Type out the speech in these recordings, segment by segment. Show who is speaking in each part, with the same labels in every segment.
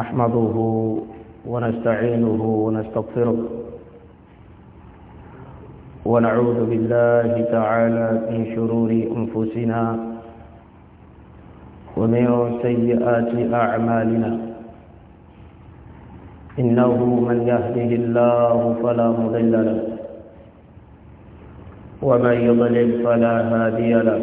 Speaker 1: نحمده ونستعينه ونستغفره ونعوذ بالله تعالى من شرور أنفسنا ومن سيئات أعمالنا إنه من يهده الله فلا مضل له ومن يضلل فلا هادي له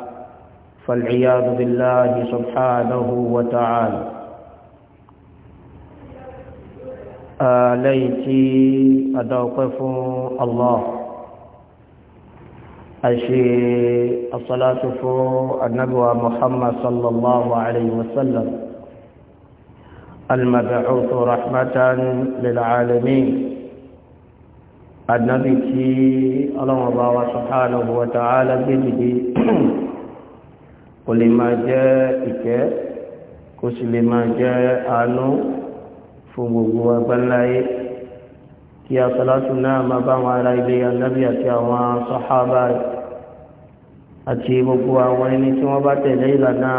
Speaker 1: فالعياذ بالله سبحانه وتعالى آليتي أدوقف الله أشي الصلاة فو النبوة محمد صلى الله عليه وسلم المبعوث رحمة للعالمين النبي تي الله سبحانه وتعالى بيدي kò lè máa jẹ́ ìkẹ́ kò sì lè máa jẹ́ àánú fún gbogbo agbáláyé kí asọ́látù náà máa bá wọn ará ilé anábì àti àwọn sọ́hábà rẹ̀ àti gbogbo àwọn ẹni tí wọ́n bá tẹ̀lé ìlànà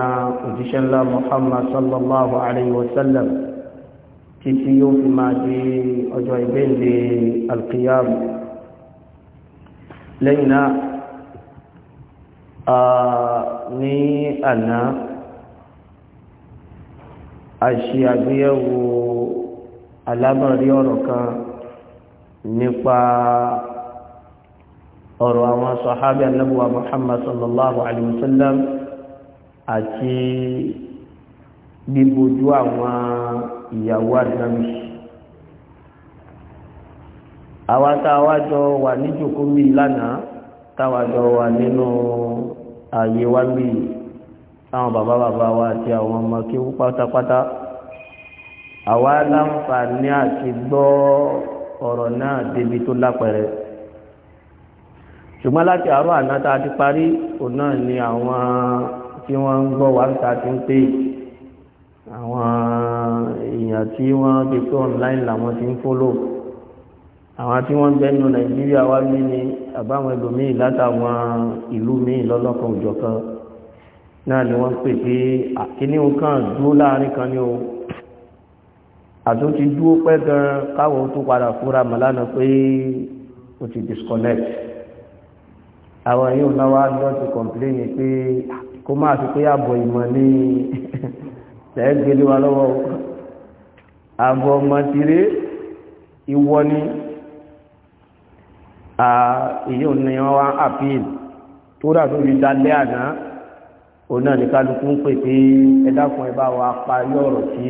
Speaker 1: òjíṣẹ́ ńlá Muhammad sallallahu alayhi wa sallam títí yóò fi máa di ọjọ́ ìgbéǹde alqiyam lẹ́yìn náà ní àná a ṣe àgbéyẹ̀wò alábọ̀rí ọ̀rọ̀ kan nípa ọ̀rọ̀ àwọn
Speaker 2: sọ̀hábẹ̀ anábùwà Muhammad sallallahu alaihi wasallam àti bíbojú àwọn ìyàwó àdámi àwọn táwájọ wà níjòkó mi lánàá
Speaker 1: táwàjọ wà nínú ààyè wá bí àwọn bàbá bàbá wa àti àwọn ọmọ kí wú pátápátá àwa láǹfààní àti gbọ́ ọ̀rọ̀ náà débi tó lápẹẹrẹ ṣùgbọ́n láti àárọ̀ àná tá a ti parí òun náà ni àwọn tí wọ́n ń gbọ́ wá ń ta ti ń pè àwọn èèyàn tí wọ́n ti pé online làwọn ti ń fólò àwọn tí wọ́n ń nàìjíríà wá ní ni àbáwọn ẹlòmíì látàwọn ìlú míì lọ́lọ́kan òjọ̀kan náà ni wọ́n pè pé àkíní
Speaker 2: kan dúró láàrin kan ní o àtó ti dúró pẹ́ gan káwọn tó padà fúra mọ̀ pé o ti disconnect
Speaker 1: àwọn yóò náà wá lọ ti complain pé kó máa fi pé àbọ̀ ìmọ̀ ní
Speaker 2: lẹ́ẹ̀gbẹ́lé lọ́wọ́ àbọ̀ ọmọ tiré ìwọ ni èyí ò ní wọ́n wá àpíìl tó dà tó fi dalẹ́ àná òun náà ní kálukú ń pè pé ẹ dákun ẹ bá wa parí ọ̀rọ̀ tí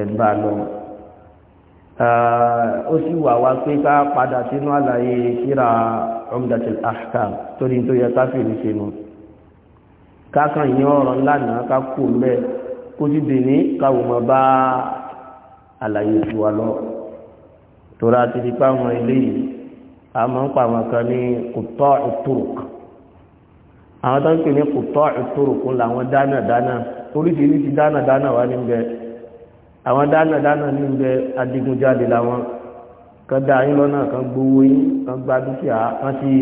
Speaker 2: ẹ bá lọ ó sì wà wá pé ká padà sínú àlàyé síra Umdatul Ahkam
Speaker 1: torí tó yẹ ká fèrè sínú kákan yín ọ̀rọ̀ lánàá ká kú mbẹ́ kó sì dè ní káwọn ọmọ bá àlàyé tiwa lọ tó rà ti di pa àwọn eléyìí a máa ń pa àwọn kan ní kùtọ́
Speaker 2: ìtòrùk àwọn tó ń pè ní kùtọ́ ìtòrùk làwọn dáná dáná oríṣiríṣi dáná dáná wà níbẹ̀ àwọn dáná dáná níbẹ̀ adigunjalè làwọn kan dá yín lọ́nà kan gbowó yín kan gba dúkìá kan sì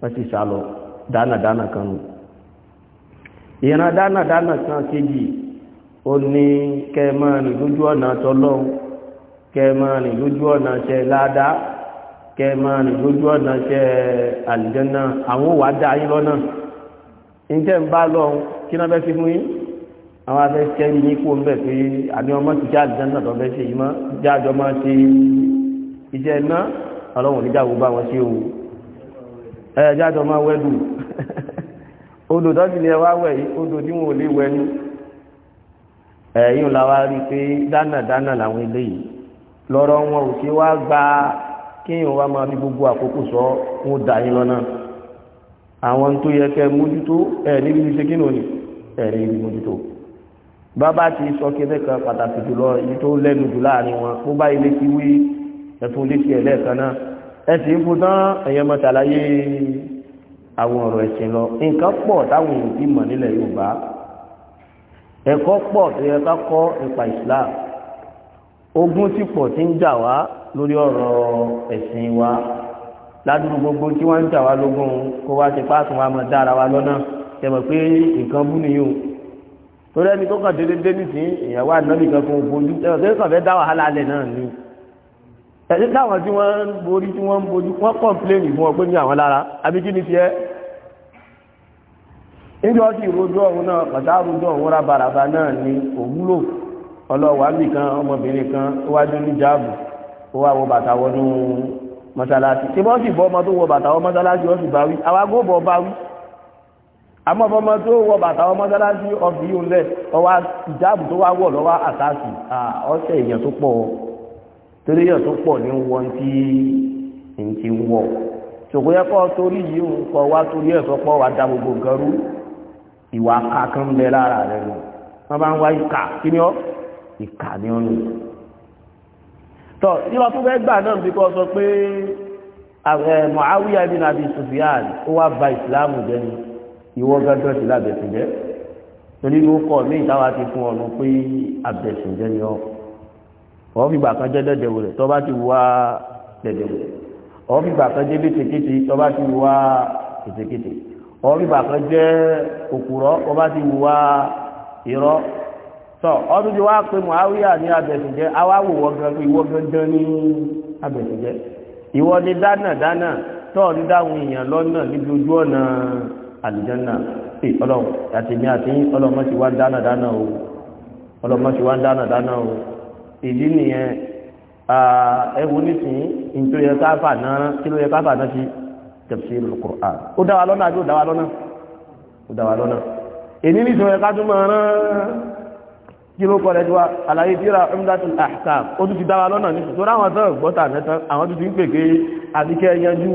Speaker 2: kan sì sálọ dáná dáná kan nù ìran dáná dáná kan kejì ó ní kẹ́ rìn lójú ọ̀nà tọlọ́hun kẹ́ rìn lójú ọ̀nà ṣe kẹ máa rìn lójú ọ̀nà jẹ́ àlìjẹ́nà àwọn wà dá yín lọ́nà ìjẹ́ ń bá lọ kí náà bẹ́ sí fún yín àwọn afẹ́ kẹ́rì ní kó ń bẹ̀ pé àmì ọmọ ti já àlìjẹ́nà tó bẹ́ ṣe ìmọ̀ jájọ máa ṣe iṣẹ́ iná ọlọ́run níjà wo bá ṣe o ẹ jájọ máa wẹ́dù odò tó sì lè wá wẹ̀ yìí odò tí wọn ò lè wẹ̀ ní ẹ̀yìn làwa rí i pé dáná dáná làwọn eléyìí lọ́rọ̀ wọn ò ṣe wá gba kéèyàn wá máa fi gbogbo àkókò sọ ó dà yín lọ́nà àwọn tó yẹ kẹ́ mójútó ẹ̀ níbi iṣẹ́ kí lónìí
Speaker 1: ẹ̀ níbi mójútó
Speaker 2: bàbá ti sọ kéde kan pàtàkì jùlọ èyí tó lẹ́nu jù láàrin wọn ó bá ilé ti wí ẹ̀tún létí ẹ̀lẹ́ẹ̀kan náà ẹ sì ń fún tán ẹ̀yẹ mọ́tàláyé àwọn ọ̀rọ̀ ẹ̀sìn lọ nǹkan pọ̀ táwọn èèyàn ti mọ̀ nílẹ̀ Yorùbá ẹ̀kọ́ pọ̀ tó yẹ ká kọ́ nípa Islam ogun ti pọ̀ ti ń jà wá lórí ọ̀rọ̀ ẹ̀sìn wa ládùúgbò gbogbo tí wọ́n ń jà wá lógún kó wá ti pààtùn wa mọ̀ dára wa lọ́nà tẹ̀mọ̀ pé nǹkan bú nìyó torí ẹni tó kàn déédéé dé nìsín ìyàwó ànábì kan fún bojú tẹ̀wọ̀ tó kàn fẹ́ dá wàhálà alẹ̀ náà ni ẹ̀sìn táwọn tí wọ́n ń borí tí wọ́n ń bojú wọ́n kọ̀ǹpléènì fún ọ pé ní àwọn lára àbí kí ni tiẹ́ níbi ọtí ìrojọ́ ọ̀hún náà pàtà àrùjọ́ ọ̀hún rábaràba náà ni òwúlò ọlọ́wàá nìkan ọmọbìnrin kan wájú níjàbù ó wá wọ bàtà wọnú mọ́sálásí tí wọ́n sì bọ́ ọmọ tó wọ bàtà wọ mọ́sálásí wọ́n sì bá wí àwọn agbóbọ̀ bá wí àmọ́ ọmọ tó wọ bàtà wọ mọ́sálásí ọ̀fì yìí lẹ̀ ọwá ìjáàbù tó wá wọ̀ lọ́wọ́ àtàkì ọ̀sẹ̀ èèyàn tó pọ̀ torí èèyàn tó pọ̀ ní wọn tí ń ti wọ̀ ṣòkò yẹ kọ́ torí yìí ń kọ́ wá torí ẹ̀ sọ́pọ̀ wá da gbogbo nǹkan rú ìwà ká kan bẹ lára rẹ̀ wọ́n bá ń wá ìkà kí ni ọ́ ìkà ni ọ́ nù tọ́ tí wọ́n tún fẹ́ gbà náà bí kọ́ sọ pé Muawiya bin Abi Sufyan ó wá ba ìsìláàmù jẹ́ ni ìwọ gángan ti lábẹ̀sùn jẹ́ torí ló kọ́ mí ìtawà ti fún ọ̀nà pé àbẹ̀sùn jẹ́ ni ọ́ wọ́n fi gbà kan jẹ́ dẹ̀dẹ̀wò rẹ̀ tọ́ bá ti wá dẹ̀dẹ̀wò rẹ̀ wọ́n fi gbà kan jẹ́ bí tèkété tọ́ bá ti wá tèkété wọ́n fi gbà kan jẹ́ òkúrọ́ tọ́ bá ti wá irọ́ tọ́ ọdún tí wá pé Muawiya ní abẹ̀sìnjẹ́ awáwò ìwọ gangan ní abẹ̀sìnjẹ́ ìwọ ni dáná dáná tọ́ ní dáhùn èèyàn lọ́nà níbi ojú ọ̀nà àlùjànnà pé ọlọ́run àti mi àti yín ọlọ́mọ ti wá ń dáná dáná o ọlọ́mọ ti wá ń dáná dáná o ìdí nìyẹn ẹwù nísìnyí nítorí ẹ káfà náà kí ló yẹ káfà náà ti tafsirul Qur'an ó dá wa lọ́nà àbí ó dá wa lọ́nà ó dá wa lọ́nà èmi nítorí ẹ ká tún máa rán kí ló kọ́ lẹ́jọ́ àlàyé tíra Umdatul Ahkam ó tún ti dára lọ́nà ní ṣùgbọ́n àwọn tó gbọ́ta mẹ́ta àwọn tó ti ń pèké àbíkẹ́ ẹyanjú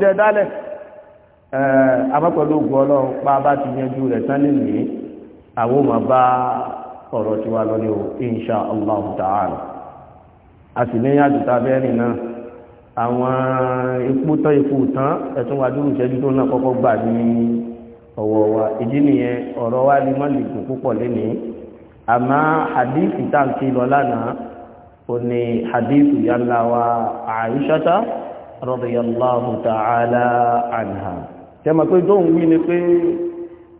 Speaker 2: jẹ́ dálẹ̀ àbápẹ̀lú ogun ọlọ́run pa bá ti yanjú rẹ̀ tán lè ní àwọn ọmọ bá ọ̀rọ̀ tiwa lọ ní o insha Allah a sì ní àjùtà bẹ́ẹ̀rì náà àwọn epo tán epo tán ẹ̀tún wájú ìṣẹ́jú tó náà kọ́kọ́ ọ̀wọ̀ wa ìdí nìyẹn ọ̀rọ̀ wa ni wọ́n lè gùn púpọ̀ lénìí hadith tá lọ lánàá ó ní hadith wa ta'ala anha tẹ́mọ̀ pé tó ń wí ni pé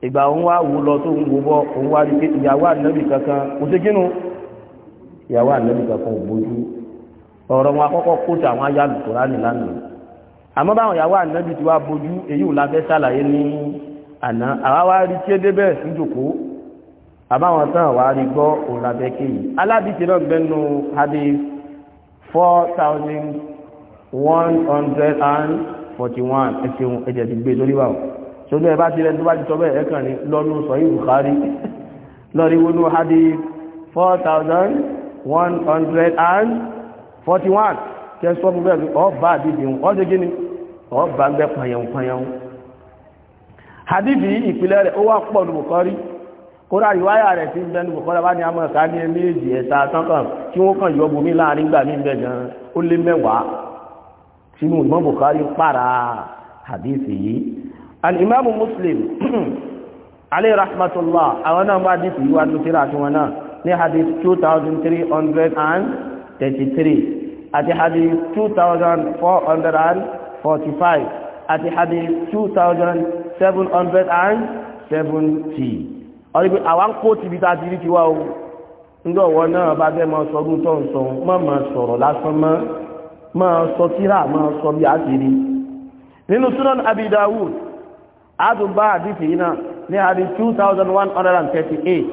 Speaker 2: ìgbà òun wá wù lọ tó ń gbogbo òun wá rí pé ìyàwó ànábì kankan kò sí kínú ìyàwó kankan ò bójú ọ̀rọ̀ wọn akọ́kọ́ kó tí àwọn àmọ́ báwọn ìyàwó ànábì ti wá bójú èyí ò sàlàyé àná àwáwá rí tí ó débẹ̀ níjòkó àbáwọn tán wà rí gbọ́ òlàbẹ́kẹ́ yìí alábìtì náà bẹnu hadith four thousand one hundred and forty one ẹ̀sìn ẹ̀jẹ̀ ti gbé lórí wa o sọ́dún ẹ̀ bá ti rẹ̀ tó bá ti sọ bẹ́ẹ̀ ẹ̀kàn ní lọ́nu sọ́yìn Bukhari lọ́rí wọnú hadith four thousand one hundred and forty one kẹsọ́ fún bẹ́ẹ̀ ọ bá àdìdì ọ ṣe kí ni ọ bá gbẹ pàyàn pàyàn hadithi ìpìlẹ̀ rẹ̀ ó wà pọ̀ ní Bukhari kódà ìwáyà rẹ̀ ti ń bẹ ní Bukhari bá ní àmọ́ ká ní méjì ẹ̀ta kankan tí wọ́n kàn yọ bomi láàrin gbà mí bẹ̀ gan ó lé mẹ́wàá sínú ìmọ̀ Bukhari para hadithi yìí al-Imam Muslim alayhi rahmatullah àwọn náà bá hadithi yìí wá ní àti wọn náà ní hadith two thousand three hundred and thirty three àti hadith two thousand four hundred and forty five. àti hadith two thousand seven hundred and seventy àwọn kó tìbí tá o ńgbọ́ wọn náà bá ma máa sọ ọdún tó ń sọ mọ́ máa sọ̀rọ̀ lásán mọ́ máa sọ tíra máa sọ sunan Dawud adùnbá àdìsí yìí ní hadith two thousand one hundred and thirty eight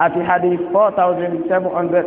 Speaker 2: hadith four thousand seven hundred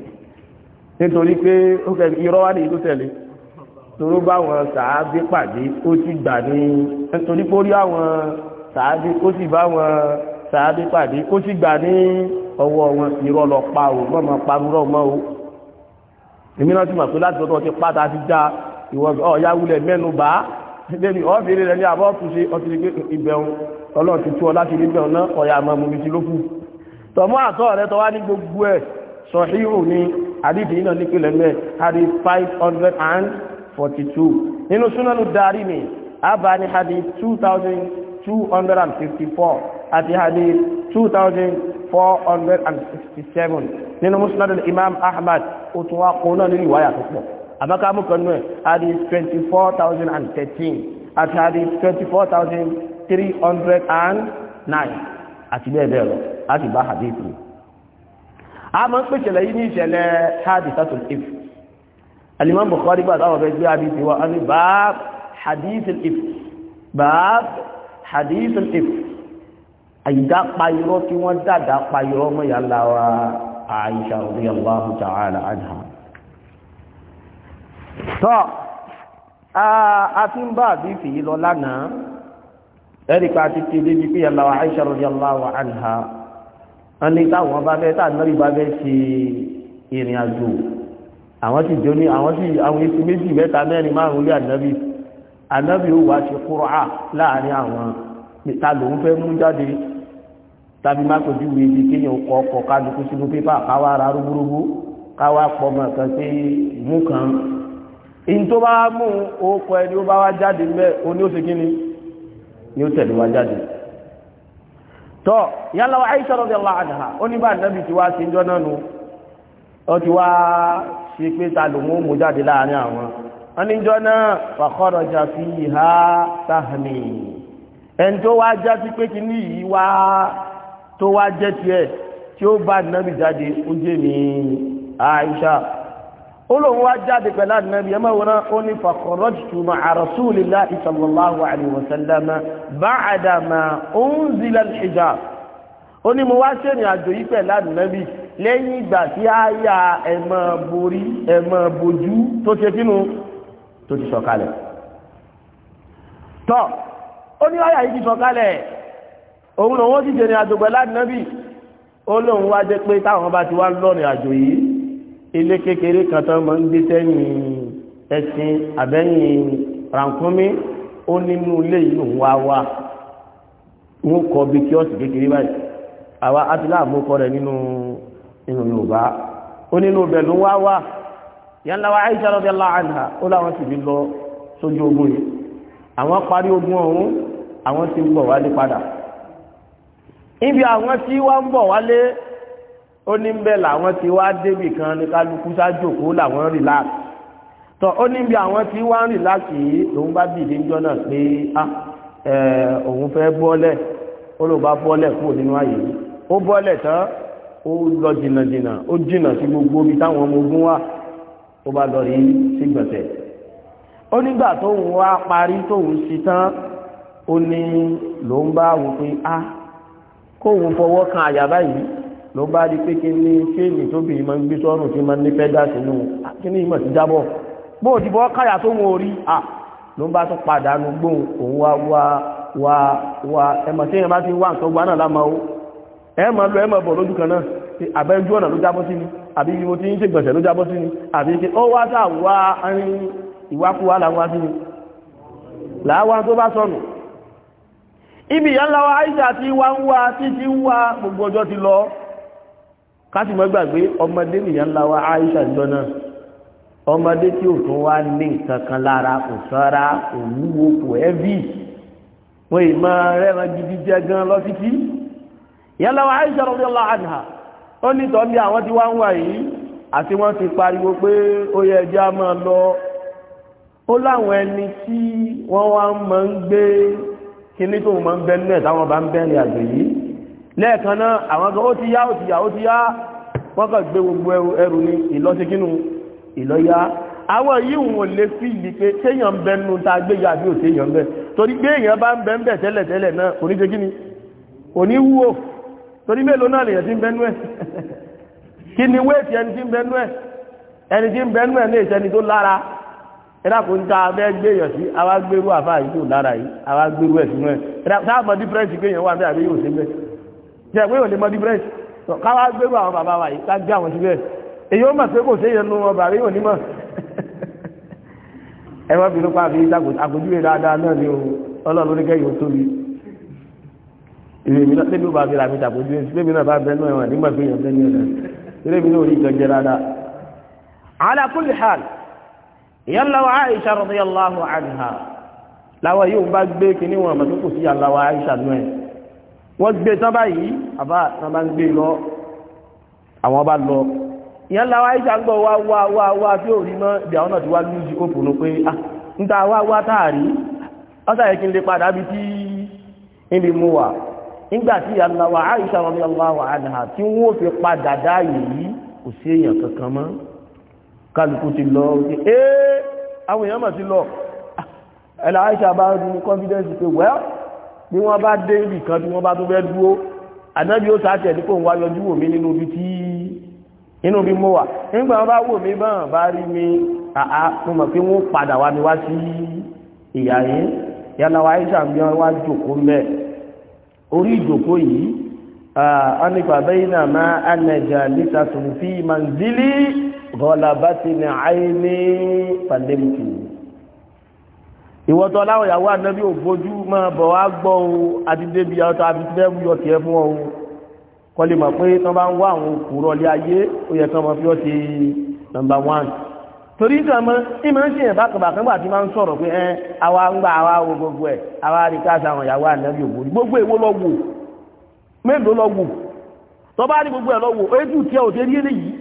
Speaker 2: nítorí pé ó fẹ́ irọ́ wá ní ìlú tẹ̀lé toró bá wọn sàábí pàdé ó ti gbà ní nítorí pé ó rí àwọn sàábí ó sì bá wọn sàábí pàdé ó sì gbà ní ọwọ́ wọn irọ́ lọ pa o wọ́n máa parúrọ́ mọ́ o èmi náà ti mọ̀ pé láti ọ̀tọ̀ ti pátá ti já ìwọ̀n ọ̀yá wulẹ̀ mẹ́nu bá lẹ́nu ọ̀bẹ̀rẹ̀ rẹ̀ ní àbọ̀ túnṣe ọtí ìbẹ̀rún ọlọ́run ti tú ọ láti níbẹ̀rún náà ọ̀yà àmọ́ mọ̀mí ti lókù tọ̀mọ́ àtọ́ rẹ̀ tọ́wá ní gbogbo ẹ̀ sọ̀hírù ni àdìdì iná nípìnlẹ̀ mẹ́ àdì five hundred and forty two nínú súnánù darí mi àbá ní àdì two àti àdì two nínú musnadul imam ahmad ó tún wá kún náà nínú ìwáyà tó pọ̀ àbákámú kan náà àdì twenty four thousand and àti àdì twenty àti bẹ́ẹ̀ bẹ́ẹ̀ lọ láti bá hadith a máa ń pè ìṣẹ̀lẹ̀ yìí ní ìṣẹ̀lẹ̀ hadithatul if alimam bukhari bá táwọn fẹ́ gbé hadithi wa ami bab hadithul if bab hadithul if àyíká payirọ́ tí wọ́n dáadáa payirọ́ mọ́ ìyá ńlá wa Aisha radiyallahu ta'ala anha tọ́ a ti ń bá àdífì yìí lọ lánàá ẹ̀ríkà ti débi pé ìyá ńlá wa Aisha radiyallahu anha wọ́n ní táwọn bá fẹ́ tá ànábì bá fẹ́ ṣe ìrìn àjò àwọn sì jó ní àwọn sì àwọn èsì méjì mẹ́ta mẹ́rin márùn-ún lé ànábì ànábì ó wá ṣe kúrò á láàrin àwọn ta lòun fẹ́ mú jáde tàbí má kojú wo ibi kéèyàn kọ ọkọ kálukú sínú pépà káwá ara rúgbúrúgbú káwá pọmọ kan pé mú kan in tó bá mú ó ẹni ó bá wá jáde mẹ́ o ní ni ó tẹ̀lé wá jáde tọ́ yálà wa Aisha radiyallahu anha ó ní bá nàbì tí wá sí jọ náà nù ó ti wá ṣe pé ta ló mú mú jáde láàrin àwọn wọn ní jọ náà fa kharaja fiha sahmi ẹni tó wá já sí pé kíní yìí wá tó wá jẹ́ tiẹ̀ tí ó bá nàbì jáde ó jẹ́ mi Aisha olóhùn wa jáde pẹ̀lú ànábì ẹmọ wọn ó ní fàkọrọ́jù mà àrọ̀súlélá ìsọ̀lọ́láhù àríwọ̀sẹ́lẹ́mà bá àdàmà òun zilẹ̀ hijab ó ní mo wá ṣèrìn àjò yìí pẹ̀lú ànábì lẹ́yìn ìgbà tí a yà ẹ̀mọ̀ borí ẹ̀mọ̀ bojú tó ṣe kínú
Speaker 1: tó ti sọ̀kalẹ̀
Speaker 2: tọ́ ó ní ọ̀yà yìí ti sọ̀kalẹ̀ òun lòun ó sì ṣèrìn àjò pẹ̀lú ànábì olóhùn wa jẹ́ pé táwọn bá ti wá lọ́rìn àjò yìí ilé kékeré kan tó máa ń gbé sẹ́yìn ẹṣin àbẹ́yìn rànkúnmí ó nínú ilé yìí wá wá wọn kọ bí kíọ́sì kékeré báyìí àwa á ti rẹ̀ nínú nínú yorùbá ó nínú ibẹ̀ wá wá yàrá ó láwọn sì fi lọ sójú ogun yìí àwọn parí ogun ọ̀hún àwọn ti ń ó ní bẹ́ẹ̀ làwọn ti wá débì kan ní kálukú sájòkó làwọn relax tọ ó ní bí àwọn ti wá ń relax yìí lòun bá dìde ń jọ́nà pé ah, òun fẹ́ bọ́lẹ̀ ó ló bá bọ́lẹ̀ kúrò nínú ààyè ó bọ́lẹ̀ tán ó lọ jìnnàjìnnà ó jìnnà sí gbogbo ibi táwọn ọmọ ogun wà ó bá lọ rí sí gbọ̀nsẹ̀ ó nígbà tóun wá parí tóun sí tán ó ní lòun bá wò pé ah, kóun fọwọ́ kan àyà báyìí ló bá di pé kí ní ṣéènì tóbi ìmọ̀ ń gbé sọ́rùn tí ma ní pẹ́dà sínú kí ní ìmọ̀ ti jábọ̀ bó ti bọ́ káyà tó wọn orí à ló bá tún pàdánù gbóhùn òun wá wá wá wá ẹmọ̀ tí èèyàn bá ti wá nǹkan gbaná lámà ó ẹmọ̀ lọ ẹmọ̀ bọ̀ lójú kan náà àbẹ́jú ọ̀nà ló jábọ́ sí ni àbí ibi mo ti ń ṣe gbọ̀nsẹ̀ ló jábọ́ sí ni àbí ṣe ó wá sáà wá ìwákúwá làwọn sí ni làwọn tó bá sọnù ibi ìyá ńlá wa Aisha ti wá ń wá títí ń wá gbogbo ọjọ́ ti lọ kásì mọ́ gbàgbé ọmọdé nìyàn ńlá wa Aisha jọ náà ọmọdé tí ò tún wá ní kankan lára kò sára kò wúwo kò ẹ́bí wọ́n ì máa rẹ́ran gidi jẹ́ gan lọ títí ìyànlá wa Aisha radiyallahu anha ó ní tọ́lé àwọn tí wá ń wà yìí àti wọ́n ti pariwo pé ó yẹ ẹjẹ́ a máa lọ ó láwọn ẹni tí wọ́n wá máa ń gbé kíní tó máa ń bẹ́ táwọn bá ń bẹ́rìn àgbè yìí lẹ́ẹ̀kan náà àwọn gan ó ti yá ó ti yá ó ti yá wọ́n kàn gbé gbogbo ẹrù ní ìlọ́síkínú ìlọ́yá àwọn yìí wọ́n lè fi ìlì pé téèyàn ń bẹ nínú ta gbé yà bí ò téèyàn bẹ torí pé èèyàn bá ń bẹ ń bẹ tẹ́lẹ̀ tẹ́lẹ̀ náà kò ní ṣe kíni kò ní wúwo torí mélòó náà lèèyàn ti ń bẹ nú ẹ̀ kí ni wéètì ẹni tí ń bẹ nú ẹ̀ ẹni tí ń bẹ nú ẹ̀ ní ìṣẹ́ni tó lára ẹ̀dá kò ń ta abẹ́ gbé èèyàn sí àwa gbérú àfáà yìí tó lára yìí àwa gbérú ẹ̀ sínú ẹ̀ ẹ̀dá táàmù dífẹ́rẹ́ǹsì pé èèyàn wà bẹ́ẹ̀ àbí yóò ṣe bẹ́ẹ̀ jẹ́ ìwé òní mọ́dí bírẹ́ǹsì tó káwá gbérú àwọn bàbá wa yìí ká gbé àwọn síbẹ̀ èyí ó mọ̀ pé kò séyẹ nu wọn bàbá yóò ní mọ̀ ẹ wọ́n bínú pa àfi àpèjúwe dáadáa náà ni ọlọ́run ní kẹ́yìn ó tóbi ìrèmí náà lébi ó bá fi làmì tàpèjúwe lébi náà bá bẹnu ẹ̀wọ̀n nígbà tó yàn bẹnu ẹ̀wọ̀n lébi náà ò ní ìjọ jẹ dáadáa. ala kulli hal ìyá ńlá wa Aisha radiyallahu anha láwọn yóò bá gbé kinní wọn àmọ́ tó kù sí àlá wa náà wọ́n gbé tán báyìí àbá tán bá ń gbé lọ àwọn bá lọ ìyẹn la wáyé ìjà ń gbọ́ wá wá wá wá tí ò rí mọ́ ibi àwọn náà ti wá lójú ó fòrò pé ah ń ta wá wá táàrí ọ́sà yẹ kí n lè padà bí tí ibi mú wà nígbà tí aláwà Àìṣà radiyallahu anha tí wọ́n fi padà dáyè yìí kò sí èèyàn kankan mọ́ kálukú ti lọ ṣe é àwọn èèyàn mọ̀ sí lọ ah, ẹ̀là Àìṣà bá ní confidence pé well bí wọ́n bá dé ibì kan tí wọ́n bá tó fẹ́ dúró ànábì ó sáà tẹ̀lé kó ń wá yọjú wò mí nínú ibi tí inú bí mo wà nígbà wọn bá wò mí báwọn bá rí mi àá mo mọ̀ pé wọ́n padà wá mi wá sí ìyá yín yálà wa aisha mi wá jòkó mẹ́ orí ìjòkó yìí ọ́nìfà bẹ́yìn náà máa ànàjà níta tòun fi manzili gọ́lá bá ti ní àìní pàdé mùtù ìwọ́tọ̀ láwọn ìyàwó ànábì ò bójú máa bọ̀ wá gbọ́ o àti débi ọ̀tọ̀ àti tí fẹ́ẹ́ yọ tiẹ̀ fún ọ o kọ́ lè mọ̀ pé tí wọ́n bá ń wá àwọn òkúrọ̀ lé ayé ó yẹ kí wọ́n fi ọ́ ti nọ́mbà wán torí ìtàn mọ́ ìmọ̀ ń ṣe yẹn bákàbàkàn gbà tí máa ń sọ̀rọ̀ pé ẹ́ àwa ń gbà àwa wo gbogbo ẹ̀ àwa rí káàsì àwọn ìyàwó ànábì ò bójú gbogbo èwo lọ wò mélòó lọ wò tọ́ bá rí gbogbo ẹ̀ lọ wò ojú tí ẹ ò dé rí eléyìí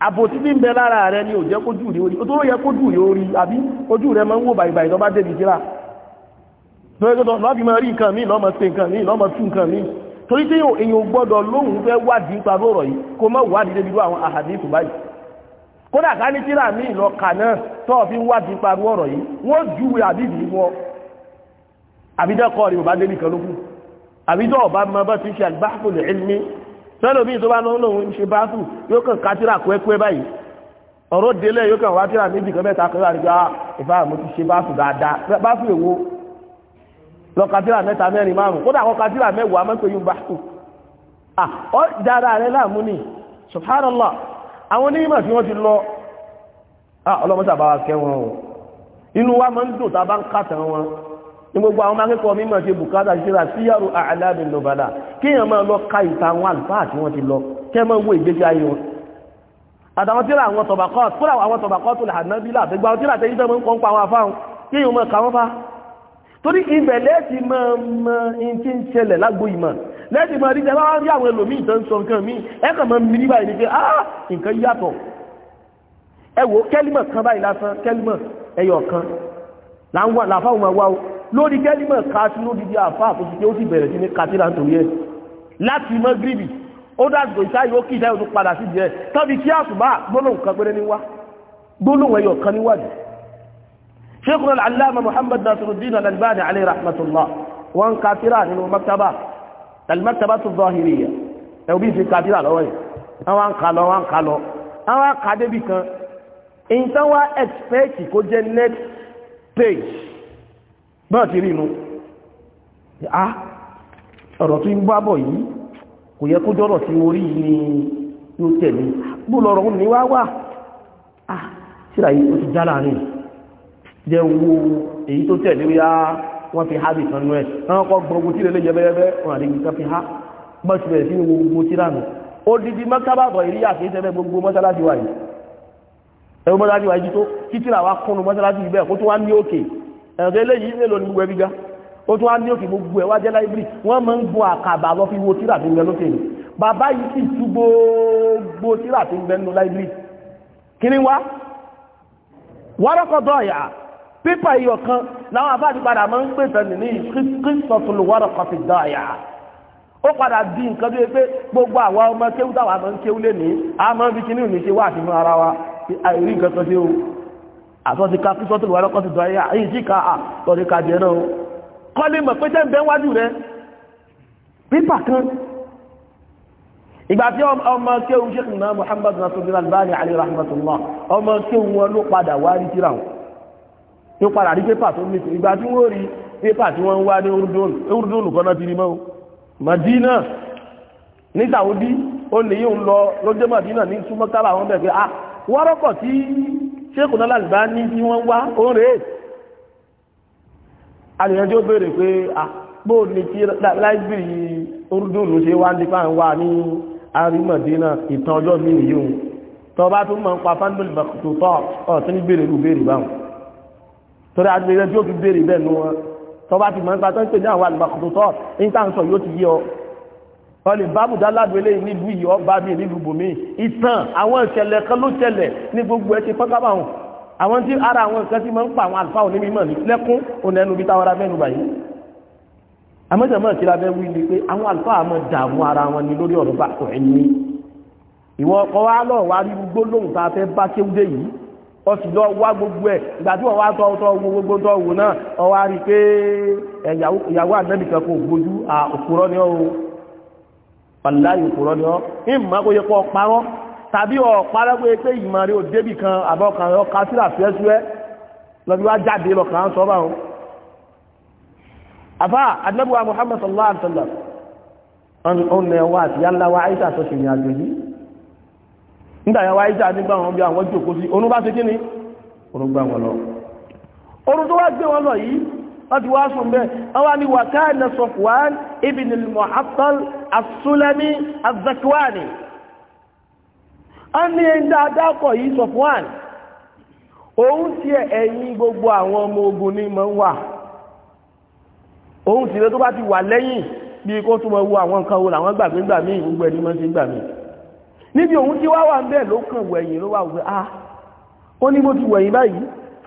Speaker 2: àbòtí bí ń bẹ lára rẹ ni ò jẹ́ kójú rí orí o tó yẹ kójú rí orí àbí ojú rẹ máa ń wò bàìbà ìdọ́bá débi jíra lọ́bí máa rí nǹkan míì lọ́mọ sí nǹkan míì lọ́mọ tún nǹkan míì torí tí èyàn gbọ́dọ̀ lóhun fẹ́ wádìí nípa lóòrọ̀ yìí kó mọ́ wádìí débi ló àwọn àhàdí ìtù báyìí kódà ká ní tíra míì lọ kà náà tó fi ń wádìí nípa lóòrọ̀ yìí wọ́n ju àbídìí wọn sẹ́lòmíì tó bá lọ́wọ́ lòun ṣe bá tù yóò kàn kátírà kúẹ́kúẹ́ báyìí ọ̀rọ̀ délẹ̀ yóò kàn wá tírà níbi kan mẹ́ta kan láti gbá ah, ìfà mo ti ṣe bá tù dáadáa bá tù èwo lọ kátírà mẹ́ta mẹ́rin márùn kódà kọ́ kátírà mẹ́wàá mẹ́pẹ́ yóò bá tù ọ́ dára rẹ láàmú ni subhanallah àwọn onímọ̀ tí wọ́n ti lọ ọlọ́mọ sábà kẹ́ wọn o inú wa máa ń dùn tá a bá ń kàtàn wọn ní gbogbo àwọn akẹ́kọ̀ọ́ mímọ̀ ṣe bùkátà ṣíra síyàrù àlámi nọ̀bàlá kíyàn máa lọ ka ìta àwọn àlùfáà tí wọ́n ti lọ kẹ́ mọ́ owó ìgbésí ayé wọn àtàwọn tíra àwọn tọ̀bàkọ́ fúra àwọn tọ̀bàkọ́ tó lànàbílà àtẹ́gbà àwọn tíra tẹ́yí tẹ́mọ́ ń kọ́ ń pa àwọn afáhùn kíyàn mọ́ kàwọn fa torí ibẹ̀ lẹ́ẹ̀tì mọ́ mọ́ in tí ń ṣẹlẹ̀ lágbo ìmọ̀ lẹ́ẹ̀tì mọ́ rí tẹ́lá rí àwọn ẹlòmíì tó ń sọ nǹkan míì ẹ̀kàn mọ́ mi nígbà yìí ni pé ah nǹkan yàtọ̀ ẹ wo kẹ́límọ̀ kan báyìí lásán kẹ́límọ̀ ẹyọ kan làwọn làfáwọn máa wá o lórí kẹ́límọ̀ kásí ló dìde àfá àkóso tí ó sì bẹ̀rẹ̀ sí ní kásílà nítorí ẹ̀ láti mọ́ gírìbì ó dàgbò ìṣá yóò kí ìṣá yóò tún padà sí jẹ tọ́bi kí àsùbá gbólóhùn kan péré níwá gbólóhùn ẹyọ kan níwájú Sheikhul Allama Muhammad Nasiruddin Al-Albani alayhi rahmatullah wọn kátírà nínú maktaba al-maktaba tó zahiriyya wá bá ti rí inú à ọ̀rọ̀ tí ń bábọ̀ yìí kò yẹ kó jọ́rọ̀ sí orí ni yóò tẹ̀lé bó lọ́rọ̀ ní wá wà à síra yìí ó ti já láàrin jẹ́ wo èyí tó tẹ̀lé wíyá wọ́n fi há bí kan nú ẹ̀ wọ́n kọ́ gbogbo tí lélẹ́ jẹ́bẹ́rẹ́bẹ́ wọn àti nǹkan fi há bọ́ọ̀sì bẹ̀rẹ̀ sí ní gbogbo tí ránù odidi mọ́sábàbọ̀ ìrí àfihàn gbogbo ẹ̀rẹ́ léyìí mélòó ni gbogbo ẹbí ga ó tún á ní òkè gbogbo ẹ̀ wá jẹ́ láìbírì wọ́n máa ń gun àkàbà lọ fi wo tíra tó ń bẹ lókè ni bàbá yìí sì tú gbogbo tíra tó ń bẹ nínú láìbírì kí ni wá wárọ́kọ̀ dọ́ọ̀yà pépà iyọ̀ kan láwọn afáàdì padà máa ń pè tẹ̀lé ní kírísítọ̀tún wárọ́kọ̀ fi dọ́ọ̀yà ó padà di nǹkan tó yẹ pé gbogbo àwa ọmọ kéwú táwa máa ń kéwú lé ní àmọ́ bí kinní ò ṣe wá àfihàn ara wa àìrí nǹkan kan ṣe o àtọ́sí ká fún sọ́tò wà lọ́kọ́ sí tó ayé àyè sí ká àtọ́sí ká jẹ náà kọ́lé mọ̀ pé tẹ́ ń bẹ wájú rẹ pípà kan ìgbà tí ọmọ kéwù Sheikh náà Muhammad Nasiruddin Albani alayhi rahmatullah ọmọ kéwù wọn ló padà wá rí tíra wọn ló padà rí pépà tó mìtì ìgbà tí wọ́n rí pépà tí wọ́n ń wá ní orúdóòlù kan náà ti rí mọ́ Madina ní Saudi ó lè yíò ń lọ lójẹ́ Madina ní súnmọ́ kábà wọn bẹ̀ pé ah, ṣékùnlá làlùbá ní bí wọ́n wá òun rèé àníyàn ó béèrè pé àpò ní tí láìbìrì orúdùnú ṣe wá ń dípa ń wà ní arímọ̀dínà ìtàn ọjọ́ mi nìyí òun tó bá tún mọ̀ ń pa fánbìlì bàkùtù tọ́ ọ̀tún ní béèrè rú báwọn torí àdìyàn ó fi béèrè bẹ́ẹ̀ nu wọn tó bá ti mọ̀ pa tó ń pè ní àwọn àlùbàkùtù tọ́ ọlè bábùdá ládùúlé nílùú yìí ọba mi nílùú bòmí ìtàn àwọn ìṣẹ̀lẹ̀ kan ló ṣẹlẹ̀ ní gbogbo ẹ̀ ti pọ́nkábà hùn àwọn tí ara àwọn nǹkan tí máa ń pa àwọn àlùfáà òní mímọ̀ ní lẹ́kún òun ẹnu bí táwọn abẹ́nu báyìí amẹ́jọ̀mọ́ ìṣẹ́lẹ̀ abẹ́ wí ni pé àwọn àlùfáà àmọ́ dààmú ara wọn ni lórí ọ̀rọ̀ bá kò ẹni ìwọ ọkọ̀ wa lọ wá rí gbólóhùn tá a fẹ́ bá kéwúdé yìí ó sì lọ wá gbogbo ẹ̀ ìgbà tí wọ́n wá tọ́ tọ́ wo gbogbo tọ́ wò náà ọ wá rí pé ìyàwó àdẹ́bìkan kò gbójú òkúrọ́ ni ó pàláyò kòrọ́ ni ọ́ ìmọ̀ kó yẹ kó parọ́ tàbí ọ̀ parọ́ pé pé ìmọ̀ rẹ̀ ò débì kan àbọ̀kan rẹ̀ ọ̀ka sílà fẹ́súẹ́ lọ́bí wá jáde lọ́kàn sọ bá wọn. àfà adébúwa Muhammad sallallahu alaihi wasallam sallam ọ̀nà ẹ̀wà àti yálà wa Aisha sọ ṣe ìrìn àjò yìí nígbà yà wa Aisha nígbà wọn bí àwọn jòkó sí orun bá ṣe kí ni orun gbà wọn láti wá sùn bẹ́ẹ̀ ọwá ni wà káàna Safwan ibn al-Mu'attal as-Sulami az-Zakwani a ní dáadáa kọ̀ yìí Safwan òun ti ẹ̀yìn gbogbo àwọn ọmọ ogun ní mọ́ wà òun sì lé tó bá ti wà lẹ́yìn bí kó túnmọ̀ wo àwọn nǹkan wo làwọn gbàgbé gbà mí mọ́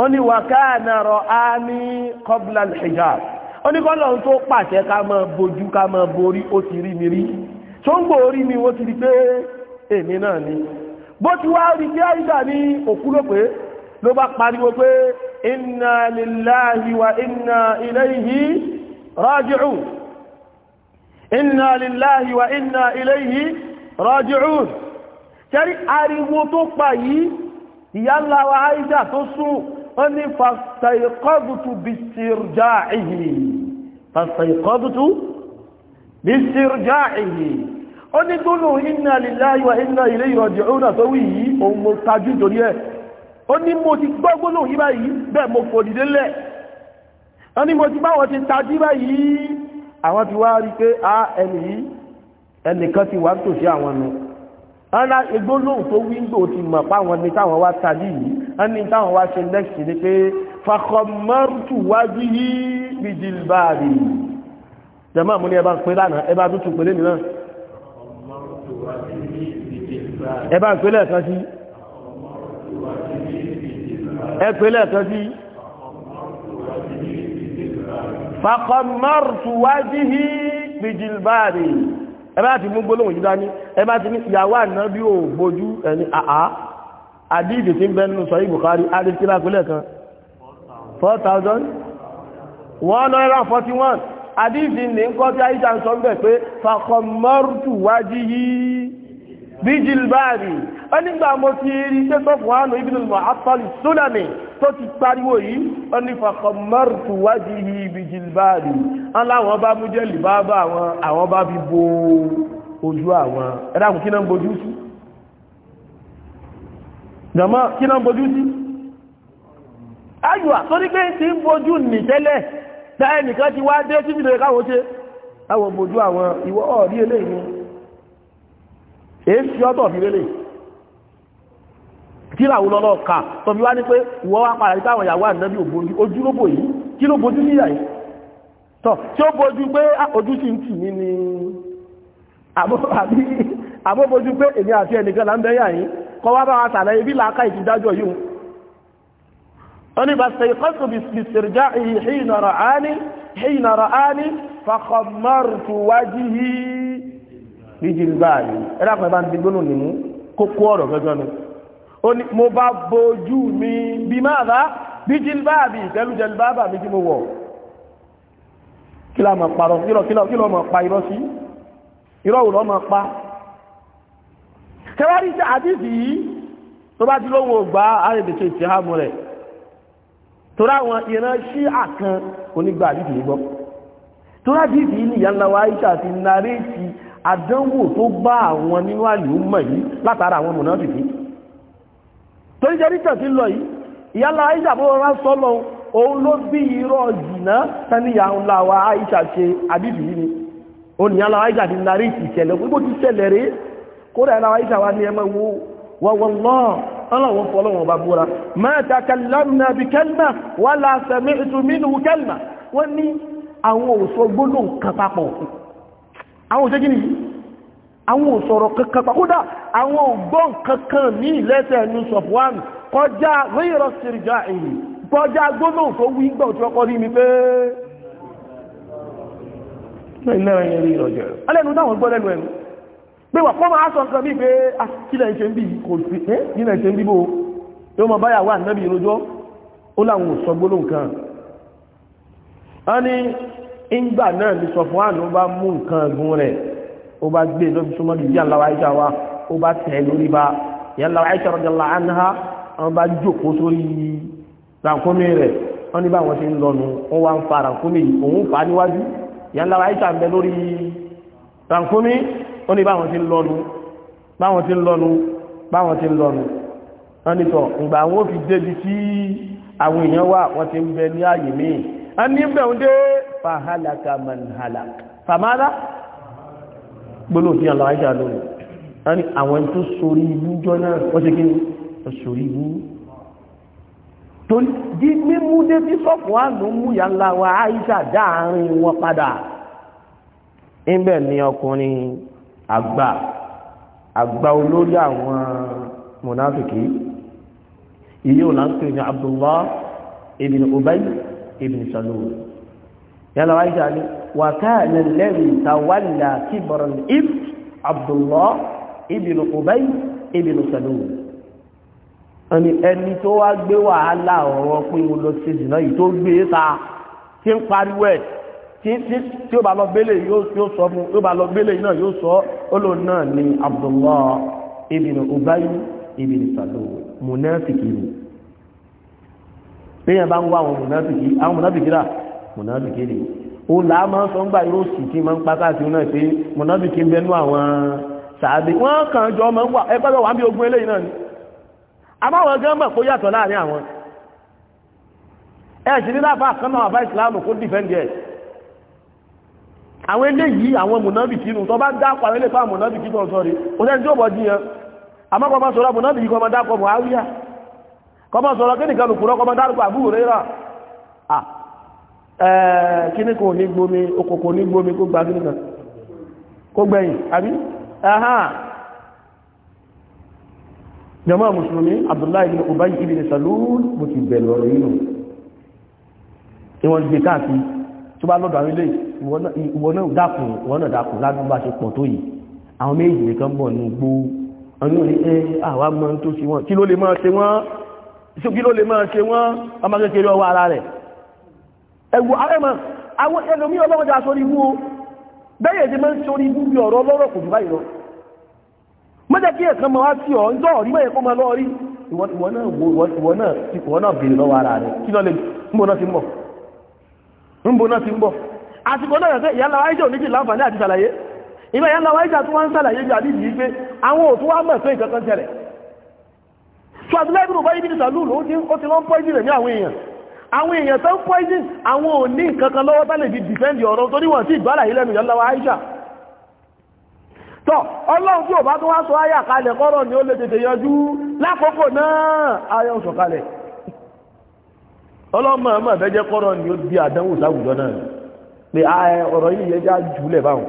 Speaker 2: ó ní wà káàna rọ á ní kọ́bùlà hijab ó ní kọ́lọ̀ tó pàṣẹ ká máa bojú ká máa borí ó ti rí mi rí tó ń gbòórí mi ó ti rí pé èmi náà ni bó ti wá rí pé àyíká ní òkú ló pé ló pariwo pé inna lillahi wa inna ilayhi raji'un inna lillahi wa inna ilayhi raji'un tẹ́rí ariwo tó pa yìí ìyá ńlá wa àyíká tó sùn wọ́n ní fàṣàìkọ́bùtù bí sírjá ìhì fàṣàìkọ́bùtù bí sírjá ìhì ó ní gbónú inna lillahi wa inna ilayhi raji'un tó wí yìí òun mo tajú torí ẹ̀ ó ní mo ti gbọ́ gbónú yìí báyìí mo fò dìde lẹ̀ ó ní mo ti báwọn ti tajú báyìí àwọn ti wá rí pé a ah, ẹni yìí ẹnìkan ti wà tòsí àwọn nù ọ̀nà ìgbóhùn tó wíńdò ti mọ̀ páwọn ní táwọn wá tàbí yìí wọ́n ní táwọn wá ṣe lẹ́kṣì ni pé fakọmọ́rùtù wájú yìí bí jìlbáàbì jẹ́mọ́ àmúni ẹbá pé lánàá ẹbá tútù pé lẹ́nìí náà
Speaker 3: ẹbá pé lẹ́ẹ̀kan sí ẹ pé lẹ́ẹ̀kan
Speaker 2: sí bí jìlbáàbì ẹ bá ti mú gbólóhùn yìí dání ẹ bá ti ní ìyàwó ànábì ò gbójú ẹni àá àdíìdì tí ń bẹ nínú sọ̀yí Bukhari adékílá pínlẹ̀ kan 4,141 àdíìdì ní ń kọ́ tí àyíjà ń sọ ń bẹ̀ pé fàkọ̀mọ́rùtù wájí yìí bíjìlbáàrí ẹnigbà mo ti rí pé Sọfwanu ibn al-Mu'attal súnàmì tó ti pariwo yìí wọ́n ní fàkọmọ́rùtù wájìhì bíjìlbáàrí aláwọn bá mú jẹ́ lìbábá àwọn àwọn bá fi bo ojú àwọn ẹ̀dàkùn kí náà bojú sí jọmọ́ kí náà bojú sí ayùwà tó ní èéfì ọ̀tọ̀ fi lélẹ̀ kí làwọn lọ́lọ́ ka tọ́bi wá ní pé ìwọ́ wá padà nípa àwọn ìyàwó ànábì ojú yìí kí ló bojú sí ìyàyí tọ́ tí ó pé ah, ojú sí ń tì mí ni àbóbojú pé èmi àti ẹnìkan là yìí kọ́ wá bá níjì ń bá yìí ẹ̀rọ àpẹẹrẹ bá ń di gbónú nìmú kókó ọ̀rọ̀ gẹ́gẹ́ ni ó ní mo bá bojú mi bí máa bá bíjì ń bá bí ìtẹ́lú jẹ́ bá bà mí tí mo wọ̀ kí la mọ̀ parọ́ kí lọ kí lọ mọ̀ pa irọ́ sí irọ́ òun lọ mọ̀ pa kẹwàárí sí àdìsí yìí tó bá ti lóhun ògbà àrèbèsè ìtìhámù rẹ̀ torí àwọn ìran sí àkan onígbà àdìsí yìí gbọ́ torí àdìsí yìí nìyà ńlá wa Aisha ti àdánwò tó bá àwọn nínú àlùmọ̀ yìí látara àwọn mùnáfìkí torí jẹ́ ní tẹ̀sí lọ yìí ìyálà Aisha bó rán sọ́lọ òun ló bí irọ́ jìnà tẹ́níyà ńlá wa Aisha ṣe àbíbì yìí ni ó ní ìyálà Aisha ti narí ìṣẹ̀lẹ̀ gbogbo ti ṣẹlẹ̀ rí kódà ìyálà Aisha wa ní ẹmọ wo wọ́wọ́lọ́ ọlọ́wọ́ àwọn òṣèjì nìyí àwọn òṣọ̀rọ̀ kankan pàkódà àwọn ògbọ́n kankan ní ìlẹ́sẹ̀ ní sọ̀pọ̀wán kọjá ríro sírìjá èyí kọjá gbóná tó wí gbọ́ tí ọkọ̀ rí mi pé pé wà kọ́ máa sọ nǹkan bí pé ah, kílẹ̀ ìṣẹ́ ń bí kò sí ẹ́ nílẹ̀ ìṣẹ́ ń bí bó ńgbà náà ní sọ fún àná ó bá mú nǹkan ẹ̀gún rẹ̀ ó bá gbé e lọ́bi súnmọ́ di yàrá àìsà wa ó bá tẹ̀ lórí ba yàrá àìsà radiyallahu anha àwọn bá jókòó sórí rànkómi rẹ̀ wọ́n ní báwọn ṣe ń lọ́nu wọ́n wá ń fa rànkómi òun fà á níwájú yàrá àìsà ń bẹ lórí rànkómi wọ́n ní báwọn ṣe ń lọ́nu báwọn ti ń lọ́nu báwọn ti ń lọ́nu wọ́n ní tọ̀ ǹgbà wọn fi débi tí àwọn èèyàn wà wọ́n ti ń bẹ ní àyè míì an ní bẹ̀rún dé fàhálàkà manhálàkà fàmálà gbọ́nà òfin àlọ́ àìṣà lórí a ní àwọn tó sórí ibú jọ náà wọ́n ṣe kí ní sórí ibú tó dí mímú dé bí sọ́pù àánú mú ya ńlá wa àìṣà dáàrin wọn padà níbẹ̀ ni ọkùnrin àgbà àgbà olórí àwọn mùnáfìkì ìyóò láńpẹ̀ ní Abdullah ibn Ubay ibn salul yálà wáyé sáré wà káàlẹ̀ lẹ́rù tawalla kíbọ̀rọ̀ ib abdullah ibn ubay ibn salul ẹni ẹni tó wá gbé wàhálà ọ̀rọ̀ pé mo lọ sí ìsìn náà yìí tó gbé e ta tí ń pariwo ẹ̀ tí tí ó bá lọ gbélé yóò sọ fún ó bá lọ gbélé náà yóò sọ ọlọ náà ni abdullah ibn ubay ibn salul munafiki téèyàn bá ń wá àwọn mùnáfìkì àwọn mùnáfìkì rà mùnáfìkì rè òun là á máa ń sọ ńgbà yóò sì kí máa ń pa káàkiri náà pé mùnáfìkì ń bẹnu àwọn sàábé wọn kàn jọ máa ń wà ẹgbẹ́ lọ wà bí ogun eléyìí náà ni àbáwọn gan mọ̀ kó yàtọ̀ láàrin àwọn ẹ̀ sì ní láfa kan náà àfa ìsìlámù kó dìfẹ́ǹdì ẹ̀ àwọn eléyìí àwọn mùnáfìkì nù tó bá dápọ̀ àwọn eléyìí fáwọn mùnáfìkì tó sọ̀rọ̀ kọmọ sọ̀rọ̀ kí nìkan lùkúrọ́ kọmọ dárúkọ àbúrò rẹ̀ rà kí ní kò ní gbomi okòkò ní gbomi kó gbà nìkan kó gbẹ̀yìn àbí jama musulmi abdullahi ibn ubayi ibn salul bó ti bẹ̀rẹ̀ ọ̀rọ̀ yìí nù ìwọ̀n gbé káàkiri tó bá lọ́dọ̀ àwọn ilé ìwọ náà dákùn ìwọ náà dákùn kí ló lè máa ṣe wọ́n ṣògí ló lè máa ṣe wọ́n ọmọ kékeré ọwọ́ ara rẹ̀ ẹ̀wọ̀ arẹ́mọ̀ àwọn ẹlòmí ọlọ́wọ́dá sórí ibú o bẹ́yẹ̀ tí máa ń sórí ibú bí ọ̀rọ̀ ọlọ́rọ̀ kò jù báyìí lọ mọ́jẹ́ kí ẹ̀kan máa sí ọ̀ ń jọ ọ̀rí bẹ́yẹ̀ kó máa lọ rí ìwọ náà bèèrè lọ́wọ́ ara rẹ̀ kí lọ́lẹ̀ ńbọ̀ náà ti ń bọ̀ ńbọ̀ náà ti ń bọ̀ àsìkò náà rẹ̀ ìyá ńlá wáyé ò ní jì láǹfààní àti ṣàlàyé ìbẹ̀ ìyá ńlá wáyé tó wá ń ṣàlàyé bí àdíjì pé àwọn òtún so àdúlẹ́bìn ò bá yí bí ìsàlúùlù ó ti wọ́n poison rẹ̀ ní àwọn èèyàn àwọn èèyàn tó ń poison àwọn ò ní kankan lọ́wọ́ tá lè fi defend ọ̀rọ̀ tó níwọ̀n sí ìgbàlà yìí lẹ́nu yọ́lọ́wọ́ Aisha tọ́ ọlọ́run tí ò bá tún wá sọ ayà kalẹ̀ kọ́rọ̀ ni ó lè tètè yanjú lákòókò náà ayọ̀ ń sọ̀kalẹ̀ ọlọ́mọ ọmọ ìbẹ́jẹ́ kọ́rọ̀ ni ó di àdánwò sáwùjọ náà pé ah, ọ̀rọ̀ yìí yẹjá jùlẹ̀ báwọn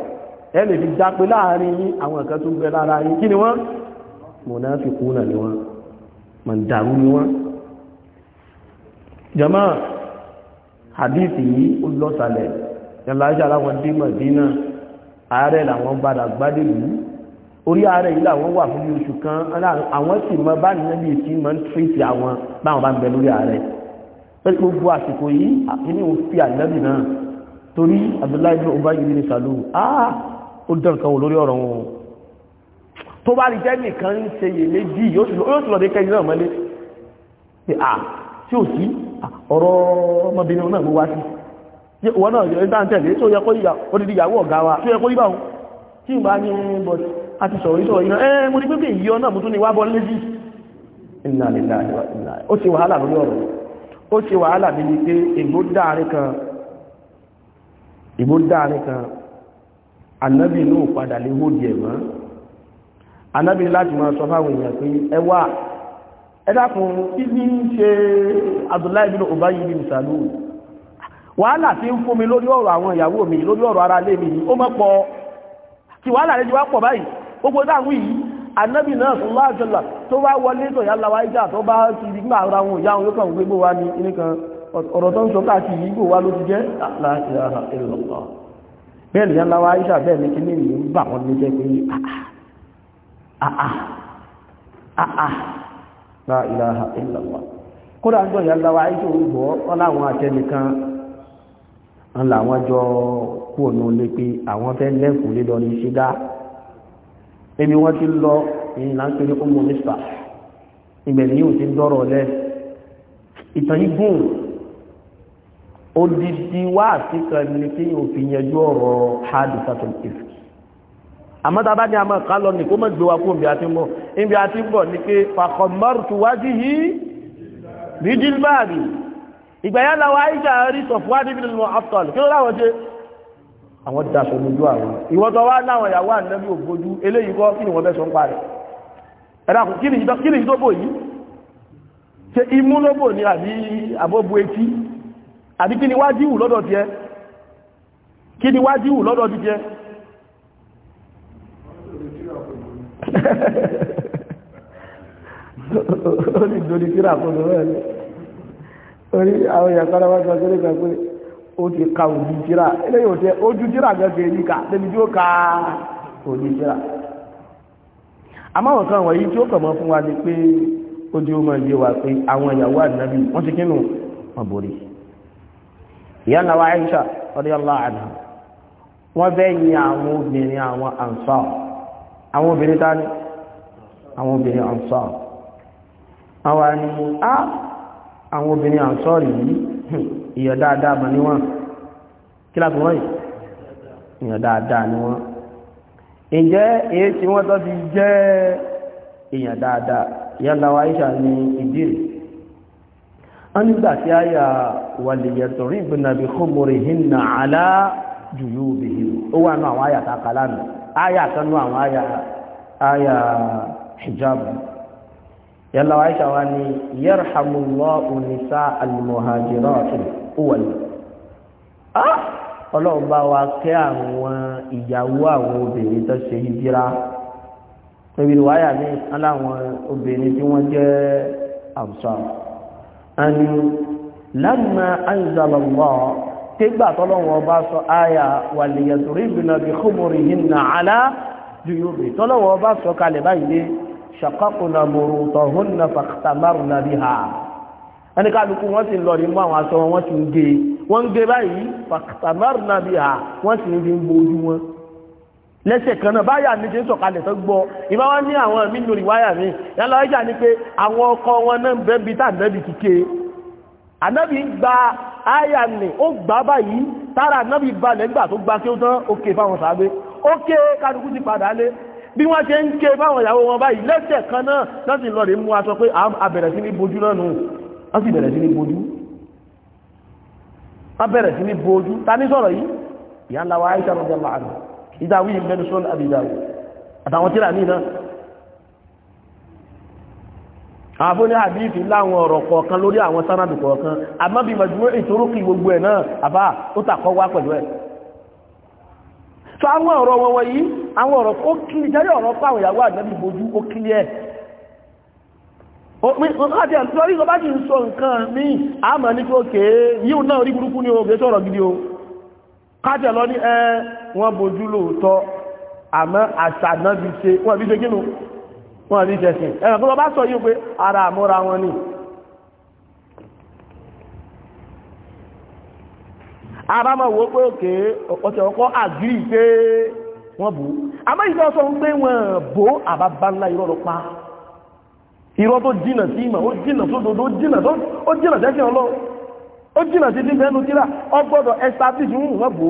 Speaker 2: ẹ lè já pé láàrin àwọn nǹkan tó ń bẹ lára yìí kí ni wọ́n mọ̀náfikún náà ni mọ̀dàrú ni wọ́n jama hadithi yìí ó lọ́sàlẹ̀ ìrìnláṣà láwọn dé mọ̀dínà ààrẹ làwọn padà gbádé yìí orí ààrẹ yìí làwọn wà fún oṣù kan àwọn sì mọ bá nínú bí ìsìn mọ́ ń tírìtì àwọn báwọn bá ń bẹ lórí ààrẹ pẹ̀lú gbogbo àsìkò yìí inú òfin ànábì náà torí abdullahi ibn ubayi ibn salu ah ó dán kan wò lórí ọ̀rọ̀ wọn tó bá rí jẹ́nì kan ń ṣe yè méjì yóò sì lọ́dẹ kẹ́yìn náà mọ́lé pé à tí ò sí ọ̀rọ̀ ọmọbìnrin náà ló wá sí wọn náà yọ ìdá ń tẹ̀lé tó yẹ kó yà odidi ìyàwó ọ̀gá wa tó yẹ kó yíbà wọn tí ìgbà ní bọ̀t àti sọ̀rọ̀ ìṣọ̀rọ̀ ìran ẹ́ mo ní pípé ìyọ náà mo tún ní wá bọ́ léjì Inna lillahi wa inna ilaihi ó ṣe wàhálà lórí ọ̀rọ̀ ó ṣe wàhálà bí i pé ìgbó dáàrin kan ìgbó dáàrin kan ànábì náà padà lè hó di ẹ̀mọ́ anábì láti máa sọ fáwọn èèyàn pé ẹ wá ẹ dákun kí ní ṣe Abdullahi bin Ubay bin Salul wàhálà tí ń fún mi lórí ọ̀rọ̀ àwọn ìyàwó mi lórí ọ̀rọ̀ ara lé mi ó mọ́ pọ̀ tí wàhálà rẹ̀ ti wá pọ̀ báyìí gbogbo dáhùn yìí anábì náà sọ láàjọlà tó bá wọlé tó yà láwa ìjà Ah ah. ah, ah, la ilaha illallah kódà ń jọ ìyá ńlá wa ayé tó ń gbọ́ ọ́ láwọn àtẹnìkan ń làwọn jọ kú ònà lé pé àwọn fẹ́ lẹ́kùn lé lọ ní ṣígá èmi wọ́n ti lọ ìyìn là ń pè ní ọmọ mísà ìgbẹ̀ ní ò ti dọ́rọ̀ lẹ́ ìtàn yìí gùn odidi wá àti kan ní kí òfin yẹjú ọ̀rọ̀ hádùsátọ̀ ìfẹ́ àmọ́ta bá ní a máa kálọ ní kó mọ́ gbé wa kó ibi àti mọ́ ibi àti bọ̀ ní pé fàkọ̀mọ́rùtù wájú yìí bí jìlbáàbì ìgbàyà láwá ìjà rí sọ̀fúwádìí bí nínú afton kí ló láwọn ṣe àwọn daṣọ lójú àwọn ìwọ́tọ̀ ni wọ́n bẹ́sọ̀ ń parẹ̀ ẹ̀dàkùn kí ni ìdóbò yìí ṣe wájíwù lọ́dọ̀ tiẹ̀ kí ó lè dorí kíra kó lọ rẹ̀ orí àwọn èèyàn kára sọ ka òní kíra eléyìí ò tẹ ojú kíra gẹ́gẹ́ yìí kà débi tí ó ka òní kíra a kan wọ̀nyí tí ó kàn mọ́ fún wa ni pé ó di ó mọ̀ wa pé àwọn ìyàwó ànábì wọ́n ti kínú wọn borí ìyá wa Aisha radiyallahu anha wọ́n bẹ́ẹ̀ yin àwọn obìnrin àwọn àwọn obìnrin ta ní àwọn obìnrin ansar àwọn ni a àwọn obìnrin ansar yìí ìyọ̀ dáadáa mà ní wọn
Speaker 1: kí láti wọ́n yìí ìyọ̀ dáadáa ni wọ́n ǹjẹ́
Speaker 2: èyí tí wọ́n tọ́ ti jẹ́ èèyàn dáadáa ìyáláwà Aisha ní ìdírí wọ́n nígbà tí a yà wàlìyàtọ̀rí ìbìnàbí kọ́mọ̀rì hinna alá jùlọ obìnrin ó wà náà àwọn àyàtà kalámi áyà kanú àwọn áyà áyà hijab yàlá Aisha wa ni
Speaker 1: yarhamullahu nisaa al-muhajiratil awwal ọlọ́run bá wa kẹ́ àwọn ìyàwó àwọn obìnrin tó ṣe hijira níbi ìwáyà ní aláwọn obìnrin tí wọ́n jẹ́
Speaker 2: àbùsọ̀ àni lamma anzalallahu kégbà tọ́lọ́wọ́ ọba sọ àyà wàlìyàtòrí ìbìnà bí kúmùrì yìí nà alá jùyòbì tọ́lọ́wọ́ ọba sọ kalẹ̀ báyìí lé ṣàkọ́kùnà mòrò tọ̀hún na fàkàtàmárù na bí ha ẹni kálukú wọ́n ti lọ nínú àwọn aṣọ wọn ti ń gé wọ́n ń gé báyìí fàkàtàmárù na bí ha wọ́n àyà nì ó gbà báyìí tára náàbì balẹ̀ nígbà tó gba kí ó tán ó ké fáwọn sàábé ó ké kálukú ti padà lé bí wọ́n ṣe ń ké fáwọn ìyàwó wọn báyìí lẹ́sẹ̀ kan náà láti lọ rè mú aṣọ pé a bẹ̀rẹ̀ sí ní bojú náà nù wọ́n sì bẹ̀rẹ̀ sí ní bojú wọ́n bẹ̀rẹ̀ sí ní bojú ta ní sọ̀rọ̀ yìí ìyá ńlá wa Aisha rọ̀jẹ̀ láàrin ìdáwí mẹ́nu sọ́nà àbó ní àdífì láwọn ọ̀rọ̀ kọ̀ọ̀kan lórí àwọn sánàdù kọ̀ọ̀kan àmọ́ bí mọ̀júmọ́ ìtorókì gbogbo ẹ̀ náà àbá ó tàkọ́ wá pẹ̀lú ẹ̀ so àwọn ọ̀rọ̀ wọn wọ̀nyí àwọn ọ̀rọ̀ ó kílì jẹ́rẹ́ ọ̀rọ̀ pàwọn ìyàwó àjẹ́bì bojú ó kílì ẹ̀ láti ẹ̀ lórí ọba sì ń sọ nǹkan ní àmọ́ ní kókè yíò náà rí burúkú ní oge sọ̀rọ̀ gidi o kájẹ̀ wọ́n rí jẹ́sìn ẹ̀rùn tó bá sọ yíò pé ara àmúra wọn ni ara mọ̀ wó pé òkè ọ̀tẹ̀ ọkọ́ àgírí pé wọ́n bú àmọ́ ìjọ sọ ń pé wọ́n bó àbábá ńlá irọ́ lọ pa irọ́ tó jìnà sí ìmọ̀ ó jìnà sódodo ó jìnà sẹ́sìn ọlọ́ ó jìnà sí ti fẹ́nu tíra ọgbọ́dọ̀ establish ń wọ́n bó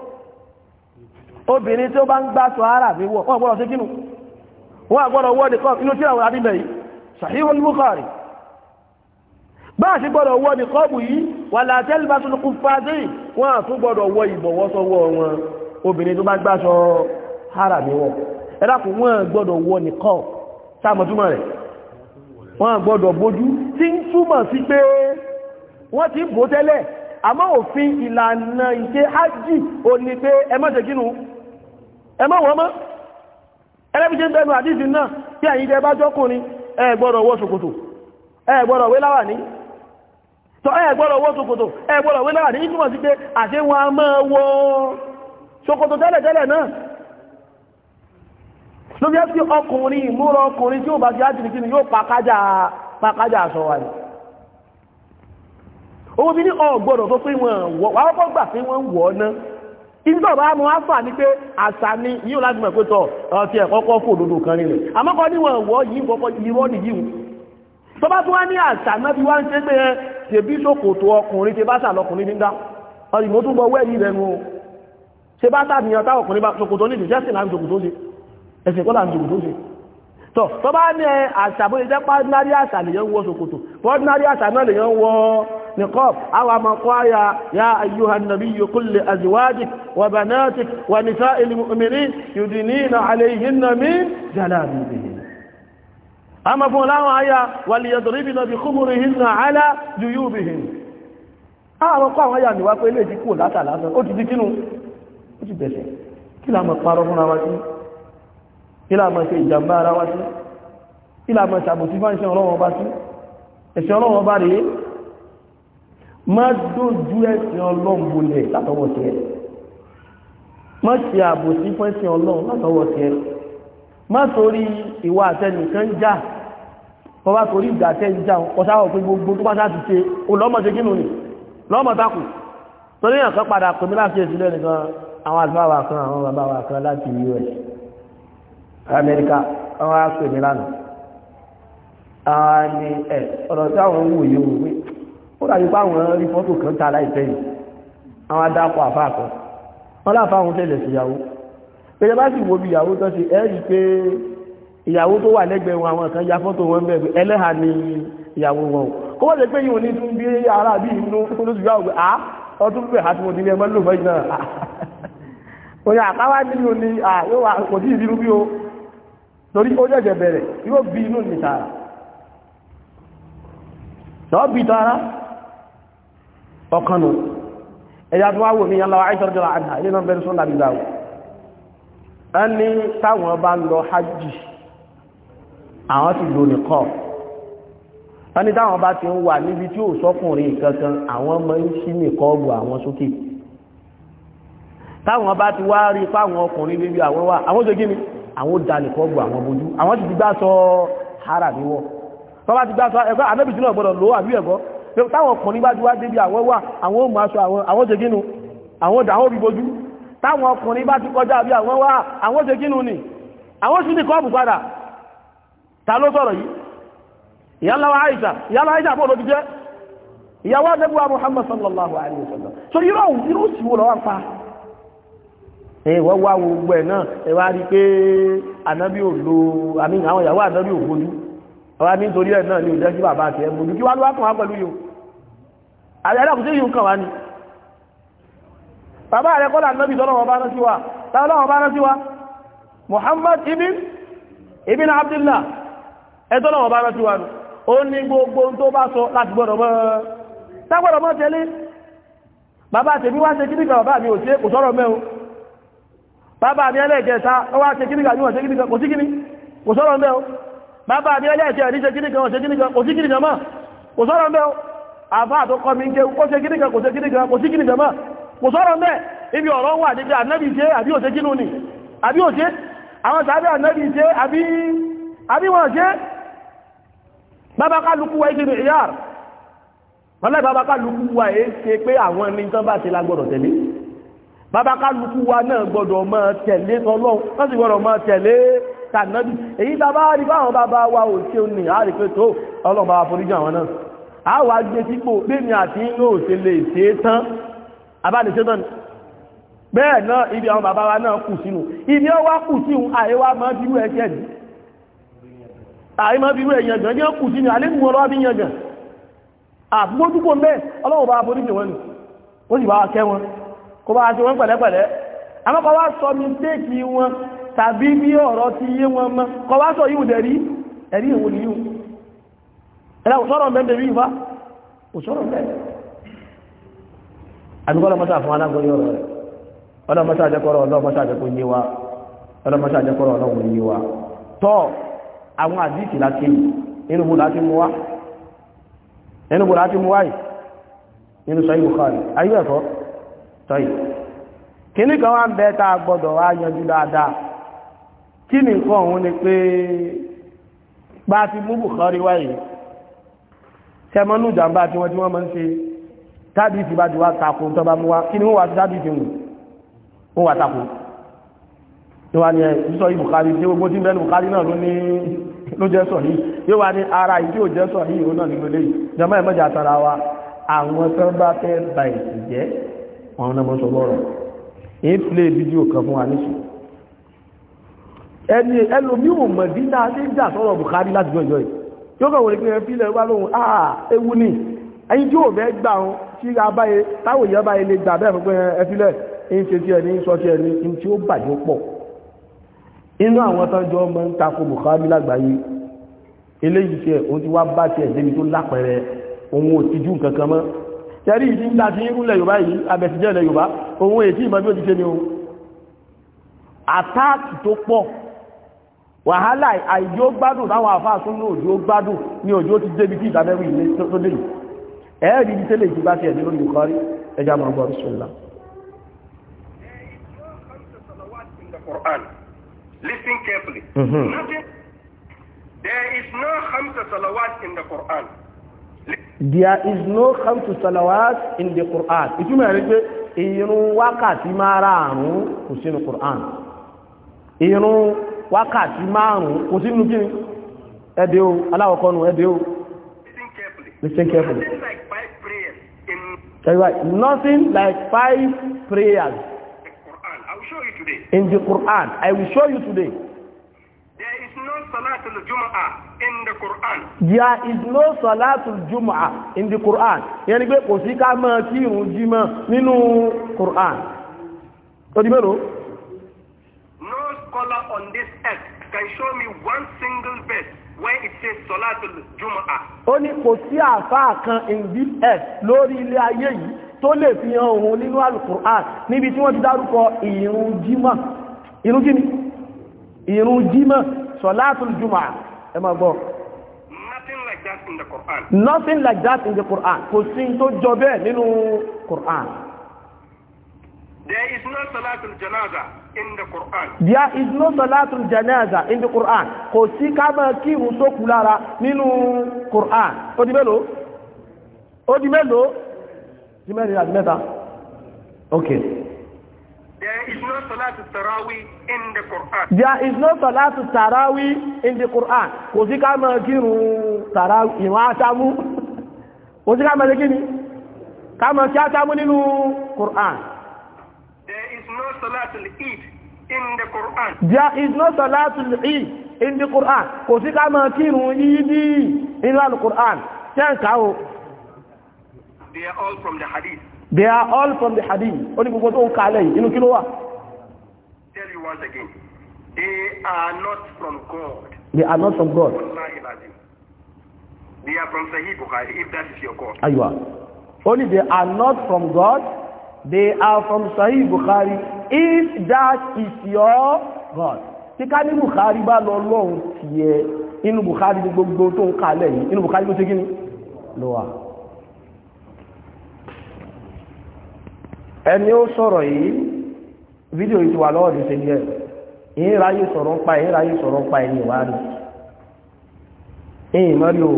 Speaker 2: obìnrin tí ó bá ń gbá sọ ara mi wọ̀ wọ́n gbọ́dọ̀ sí kínú wọ́n gbọ́dọ̀ wọ́ ní kọ́ inú tí àwọn adìbẹ̀ yìí Sahihul Bukhari bá a sì gbọ́dọ̀ wọ́ ní kọ́ọ̀bù yìí wà látẹ́lì bá tún kún fàájì wọ́n àtún gbọ́dọ̀ wọ ìbọ̀wọ́ sọ́wọ́ wọn obìnrin tó bá gbá sọ ara mi wọ̀ ẹ̀dàkùn wọ́n gbọ́dọ̀ wọ ní kọ́ sáàmọ̀túmọ̀ rẹ̀ wọ́n gbọ́dọ̀ bójú tí ń túmọ̀ sí ti bò tẹ́lẹ̀ àmọ́ òfin ìlànà ìṣe hajj ò ní pé ẹ má ṣe ẹ má wọ́n mọ́ ẹlẹ́bíṣẹ́ ń bẹnu àdíjì náà tí àyí jẹ bá jọ́kùnrin ẹ gbọ́dọ̀ wọ ṣòkòtò ẹ gbọ́dọ̀ wé láwàní tọ́ ẹ gbọ́dọ̀ wọ ṣòkòtò ẹ gbọ́dọ̀ wé láwàní ìtumọ̀ sí pé àṣẹ wọn a máa wọ ṣòkòtò tẹ́lẹ̀tẹ́lẹ̀ náà ló bí ẹ́sì ọkùnrin ìmúra ọkùnrin tí ó bá ti ájì nìkí ni yóò pàkájà aṣọ wa ni owó bí ní ọgbọ́dọ̀ tó pé wọn wọ́ wà á kọ́ gbà pé wọ́n wọ̀ náà ìjọ bá mọ́ áfà ní pé àṣà ni yíò láti mọ̀ pé tọ́ ọ̀tí ẹ̀kọ́kọ́ fò lòdò kan nílẹ̀ àmọ́kọ́ níwọ̀n ìwọ́ yìí kọ́kọ́ ìwọ́ nìyí tó bá tún wá ní àṣà náà fi wá ń ṣe pé ẹ tèbí ṣòkòtò ọkùnrin tẹ bá sà lọkùnrin nígbà ọdìmọ́ tún bọ wẹ́ẹ̀lì rẹ̀ nu ṣe bá sàbìyàn táwọn ọkùnrin bá ṣòkòtò ní ìjẹ́sìn láti ṣòkòtò ṣe ẹ̀sìn niqab awa maqaya ya ayyuha an-nabiyyu qul li azwajik wa banatik wa nisa'il mu'minin yudnina 'alayhinna min jalabibihin ama fún láwọn aya waliyadribna bi khumurihinna 'ala juyubihin àwọn kọ́ àwọn aya ni wá pé ilé ìdíkù látàlá ó ti di kínú ó ti bẹ̀ṣẹ̀ kí la mọ̀ parọ́ fún ara sí kí la mọ̀ ṣe ìjàmbá ara wá sí kí la mọ̀ ṣàbòsí fáńṣẹ́ ọlọ́wọ́ bá sí ẹ̀ṣẹ́ ọlọ́wọ́ bá rèé má dójú ẹ̀sìn ọlọ́run bolẹ̀ látọwọ́ tiẹ̀ má ṣe àbòsí fún ẹ̀sìn ọlọ́run látọwọ́ tiẹ̀ má torí ìwà àtẹnìkan já wọ́n bá torí ìgbà tẹ́ ń já ọ̀sáwọ̀ pé gbogbo tó bá sáà ti ṣe olọ́mọ̀ ṣe kínú ni lọ́mọ̀ takù torí yàn kan padà pèmí láti èsì lẹ́nu kan àwọn àlùfáà kan àwọn bàbá wa kan láti US Amẹ́ríkà àwọn á pèmí lánàá àwọn ni ẹ̀ ọ̀rọ̀ tí àwọn ń wòye wò pé ó dàbí páwọn rí fọ́tò kan tààlà ìfẹ́ yìí àwọn adápọ̀ àfáàkọ́ wọ́n láfáwọn tẹ́lẹ̀ sí ìyàwó pẹ̀lẹ̀ bá sì wo bí ìyàwó tó ṣe ẹ́rì pé ìyàwó tó wà lẹ́gbẹ̀ẹ́ wọn àwọn kan ya fọ́tò wọn bẹ̀rẹ̀ ẹlẹ́hà ni ìyàwó wọn kó wọ́n lè pé yìí wọn ní tún bí ara bí inú tó lóṣù yà wọ́n ah ọdún bẹ̀rẹ̀ àti wọn nílé ẹmọ́ lò fẹ́ ìgbà òyà àpáwá nínú ni kò sí ìbínú bí o torí ó jẹ́jẹ̀ bẹ̀rẹ̀ yóò bí inú nìtara lọ́ bí tara ọkànnù ẹ̀yà tó wáwò ní yàlá àìsàn jọra àdá ilé náà bẹ̀rẹ̀ sọ́nà àbíláwò a ní táwọn bá ń lọ hajj àwọn ti lò nìkọ́ a ní táwọn bá ti ń wà níbi tí ò sọ́kùnrin kankan àwọn ọmọ ń sí nìkọ́ ọgbù àwọn sókè táwọn bá ti wá rí fáwọn ọkùnrin bíbí àwọn wà àwọn tó gíní àwọn dá nìkọ́ ọgbù àwọn bójú àwọn ti gbá sọ hara níwọ̀ tọ́ bá ti gbá sọ ẹ̀kọ́ táwọn ọkùnrin bá dúwá débi àwọn wà àwọn òmù aṣọ àwọn ṣe gínú àwọn ìdáwọn orí bojú táwọn ọkùnrin bá ti kọjá bí àwọn wà àwọn ṣe gínú ni àwọn sì ní kọ́ọ̀bù padà ta ló sọ̀rọ̀ yìí ìyáláwà Àìṣà ìyáláwà Àìṣà bó ló ti jẹ́ ìyàwó adébúwa so irọ́ irú sì wò lọ́wọ́ pa ẹ̀wọ́ wá gbogbo ẹ̀ náà ẹ̀wà rí pé ànábí ò lo àmì àwọn ọba mi nítorí ẹ̀ náà ni òjẹ́ sí bàbá àti ẹ̀mú ojú kí wá ló wá kàn wá pẹ̀lú yòó àyẹ̀dàkùn sí yìí kàn wá ni bàbá rẹ̀ kọ́lá nọ́bì tọ́lọ́wọ́ bá rántí wa Muhammad ibn ibn Abdullah ẹ̀tọ́lọ́wọ́ bá rántí wa ó ní gbogbo tó bá sọ láti gbọ́dọ̀ mọ́ tágbọ́dọ̀ mọ́ tẹ́lé bàbá tèmi wá ṣe kíníkà bàbá mi ò ṣe kò sọ́rọ̀ mẹ́ o bàbá mi kò sọ́rọ̀ mẹ́ o bàbá àbíọ́lẹ̀ ẹ̀ṣẹ́ àríṣẹ́ kíníkan ọ̀ṣẹ́ kíníkan kò sí kíníkan máa kò sọ́rọ̀ mẹ́ àbá àtọ́kọ́ mi ń jẹ́ ó ṣe kíníkan kò sí kíníkan kò sí kíníkan máa kò sọ́rọ̀ mẹ́ ibi ọ̀rọ̀ wà nígbà ànábì ṣe àbí òṣe kínú ni àbí òṣe àwọn tàbí ànábì ṣe àbí wọ́n ṣe bàbá kálukú wa ìṣe ìyá wọ́n bàbá kálukú wa èé ṣe pé àwọn ẹni tán bá ṣe lágbọ́dọ̀ tẹ̀lé bàbá kálukú wa náà tànàbí èyí bàbá rí báwọn bàbá wa ò ṣe ní àrí pé tó ọlọ́mọ àforíjì àwọn náà a wà gbé sípò bẹ́ẹ̀ni àti inú òṣè lè ṣe tán abániṣẹ́ tán bẹ́ẹ̀ náà ibi àwọn bàbá wa náà kù sínú ibi ó wá kù sí àìwá máa bírú ẹ̀ṣẹ̀ ní àìmọ́ bírú ẹ̀yàn gan ní ó kù sínú alẹ́gbùn ọlọ́bí yàn gan àgbójúkò mẹ́ ọlọ́wọ́ bá tàbí bí ọ̀rọ̀ ti yé wọn mọ́ kọ wá sọ yíò dẹ̀rí ẹ̀rí ìwò ni yíò ẹ̀rá òṣọ́rọ̀ mẹ́bẹ̀ rí ìfá òṣọ́rọ̀ mẹ́bẹ̀ àdúgbọ́lọ́ mọ́sá fún alágbóyí ọ̀rọ̀ rẹ̀ ọlọ́mọ́sá àjẹ́kọ́rọ̀ wa wá ń gbọ́dọ̀ wá kí ni nǹkan ọ̀hún ni pé bá a ti mú Bukhari wáyé sẹ́mọ́nù ìjàmbá tí wọ́n tí wọ́n máa ń ṣe tábìtì bá ti wá tako tó bá mú wá kí ni wọ́n wá sí tábìtì wù wọ́n wá tako tó wá ní ìsọ yìí Bukhari tí gbogbo tí ń bẹ́nu Bukhari náà ló ní ló jẹ́ sọ yìí yóò wá ní ara yìí tí ò jẹ́ sọ yìí òun náà nílò léyìí jọmọ́ ẹ̀ mọ́jà tara wa àwọn tó bá fẹ́ ba jẹ́ wọn náà sọ lọ́rọ̀ èyí fídíò kan fún wa níṣìí ẹni ẹlòmíì ò mọ̀ dídá ṣe ń jà sọ́rọ̀ Bukhari láti gbọ́njọ́ yìí yóò kàn wọ́n ìpínlẹ̀ fílẹ̀ wá lóhun àà ewu ni ẹni tí ò fẹ́ gbà wọn tí abáyé táwọn èèyàn báyé lè gbà bẹ́ẹ̀ fún pé ẹ fílẹ̀ ń ṣe tí ẹni sọ tí ẹni ń tí ó bàjẹ́ pọ̀ inú àwọn tánjọ́ ọmọ ń tako Bukhari lágbàáyé eléyìí tiẹ̀ ó ti ìdí ńlá ti ń rúlẹ̀ Yorùbá yìí abẹ̀síjẹ́ ilẹ̀ Yorùbá òun èyí tí ìmọ̀ bí ó ti ṣe ni o àtáàkì tó pọ̀ wàhálà àìjó gbádùn láwọn àfáà tún ní òjò gbádùn ní òjò ti débi tí ìdábẹ́rù ilé tó lè yìí ẹ̀ẹ́rì ní tẹ́lẹ̀ ìjìbá ti ẹ̀dẹ́ lórí Bukhari ẹja mọ̀ ọgbọ̀n sọ́lá Listen carefully. Mhm. There is no khamsa
Speaker 3: salawat in the Quran.
Speaker 2: There is no khamsu salawat in the Quran. Ìtumọ̀ rẹ̀ pé ìrun wákàtí márààrún kò sínú Quran irun wákàtí márùn-ún kò sínú kí ni ẹ̀dẹ́ o aláwọ̀kọ́nù ẹ̀dẹ́ o listen carefully nothing
Speaker 3: like five prayers
Speaker 2: in the Quran I will show you today there is no Salatul Jum'ah in the Quran there is no Salatul Jum'ah in the Quran yẹni pé kò sí ká máa kírun jímọ̀ nínú Quran ó di mélòó scholar on this earth can show me one single verse where it says Salatul Jumu'ah. ó ní kò sí àáfàá kan in this earth lórí ilé ayé yìí tó lè fi hàn òun nínú alukur'an níbi tí wọ́n ti dárúkọ ìrun jímọ̀ ìrun jímọ̀ ìrun jímọ̀ Salatul Jumu'ah ẹ máa gbọ́
Speaker 3: nothing like that in the Quran. nothing
Speaker 2: like that in the Quran kò sí tó jọ bẹ́ẹ̀ nínú Quran. There is no Salatul Janaza in the Quran. There is no Salatul Janaza in the Quran. Kò sí ká máa kírun sókú lára Quran. Ó di mélòó? Ó di mélòó? Di mẹ́rin àti mẹ́ta. Okay. There is no Salatul Tarawi in the Quran. There is no Salatul Tarawi in the Quran. Kò sí ká máa kírun Tarawi ìwọ̀n aṣámú. Kò sí ká máa kírun ká máa kí aṣámú Quran there is no salatul eid in the quran kò sí ká máa kírun yídí in the quran tẹ́ǹkà o they are all from the hadith they are all from the hadith ó ní gbogbo tó ń kààlẹ̀ inú kí ló tell you once again they are not from God they are not from God they are from Sahih Bukhari if that is your God ayiwa ó ní they are not from God They are from Sahih Bukhari. If that is your God. Tí ká ní Bukhari bá lọ lọ́run ti ẹ inú Bukhari gbogbo tó ń kalẹ̀ yìí, inú Bukhari ló ṣe gíní? Lọ́wà. Ẹni ó sọ̀rọ̀ yìí, fídíò yìí ti wà lọ́wọ́ ní ṣe yẹ. Ìhìnráyé sọ̀rọ̀ ń pa ìhìnráyé sọ̀rọ̀ ń pa ẹni ìwà rẹ̀. Ìhìn mọ́rí o,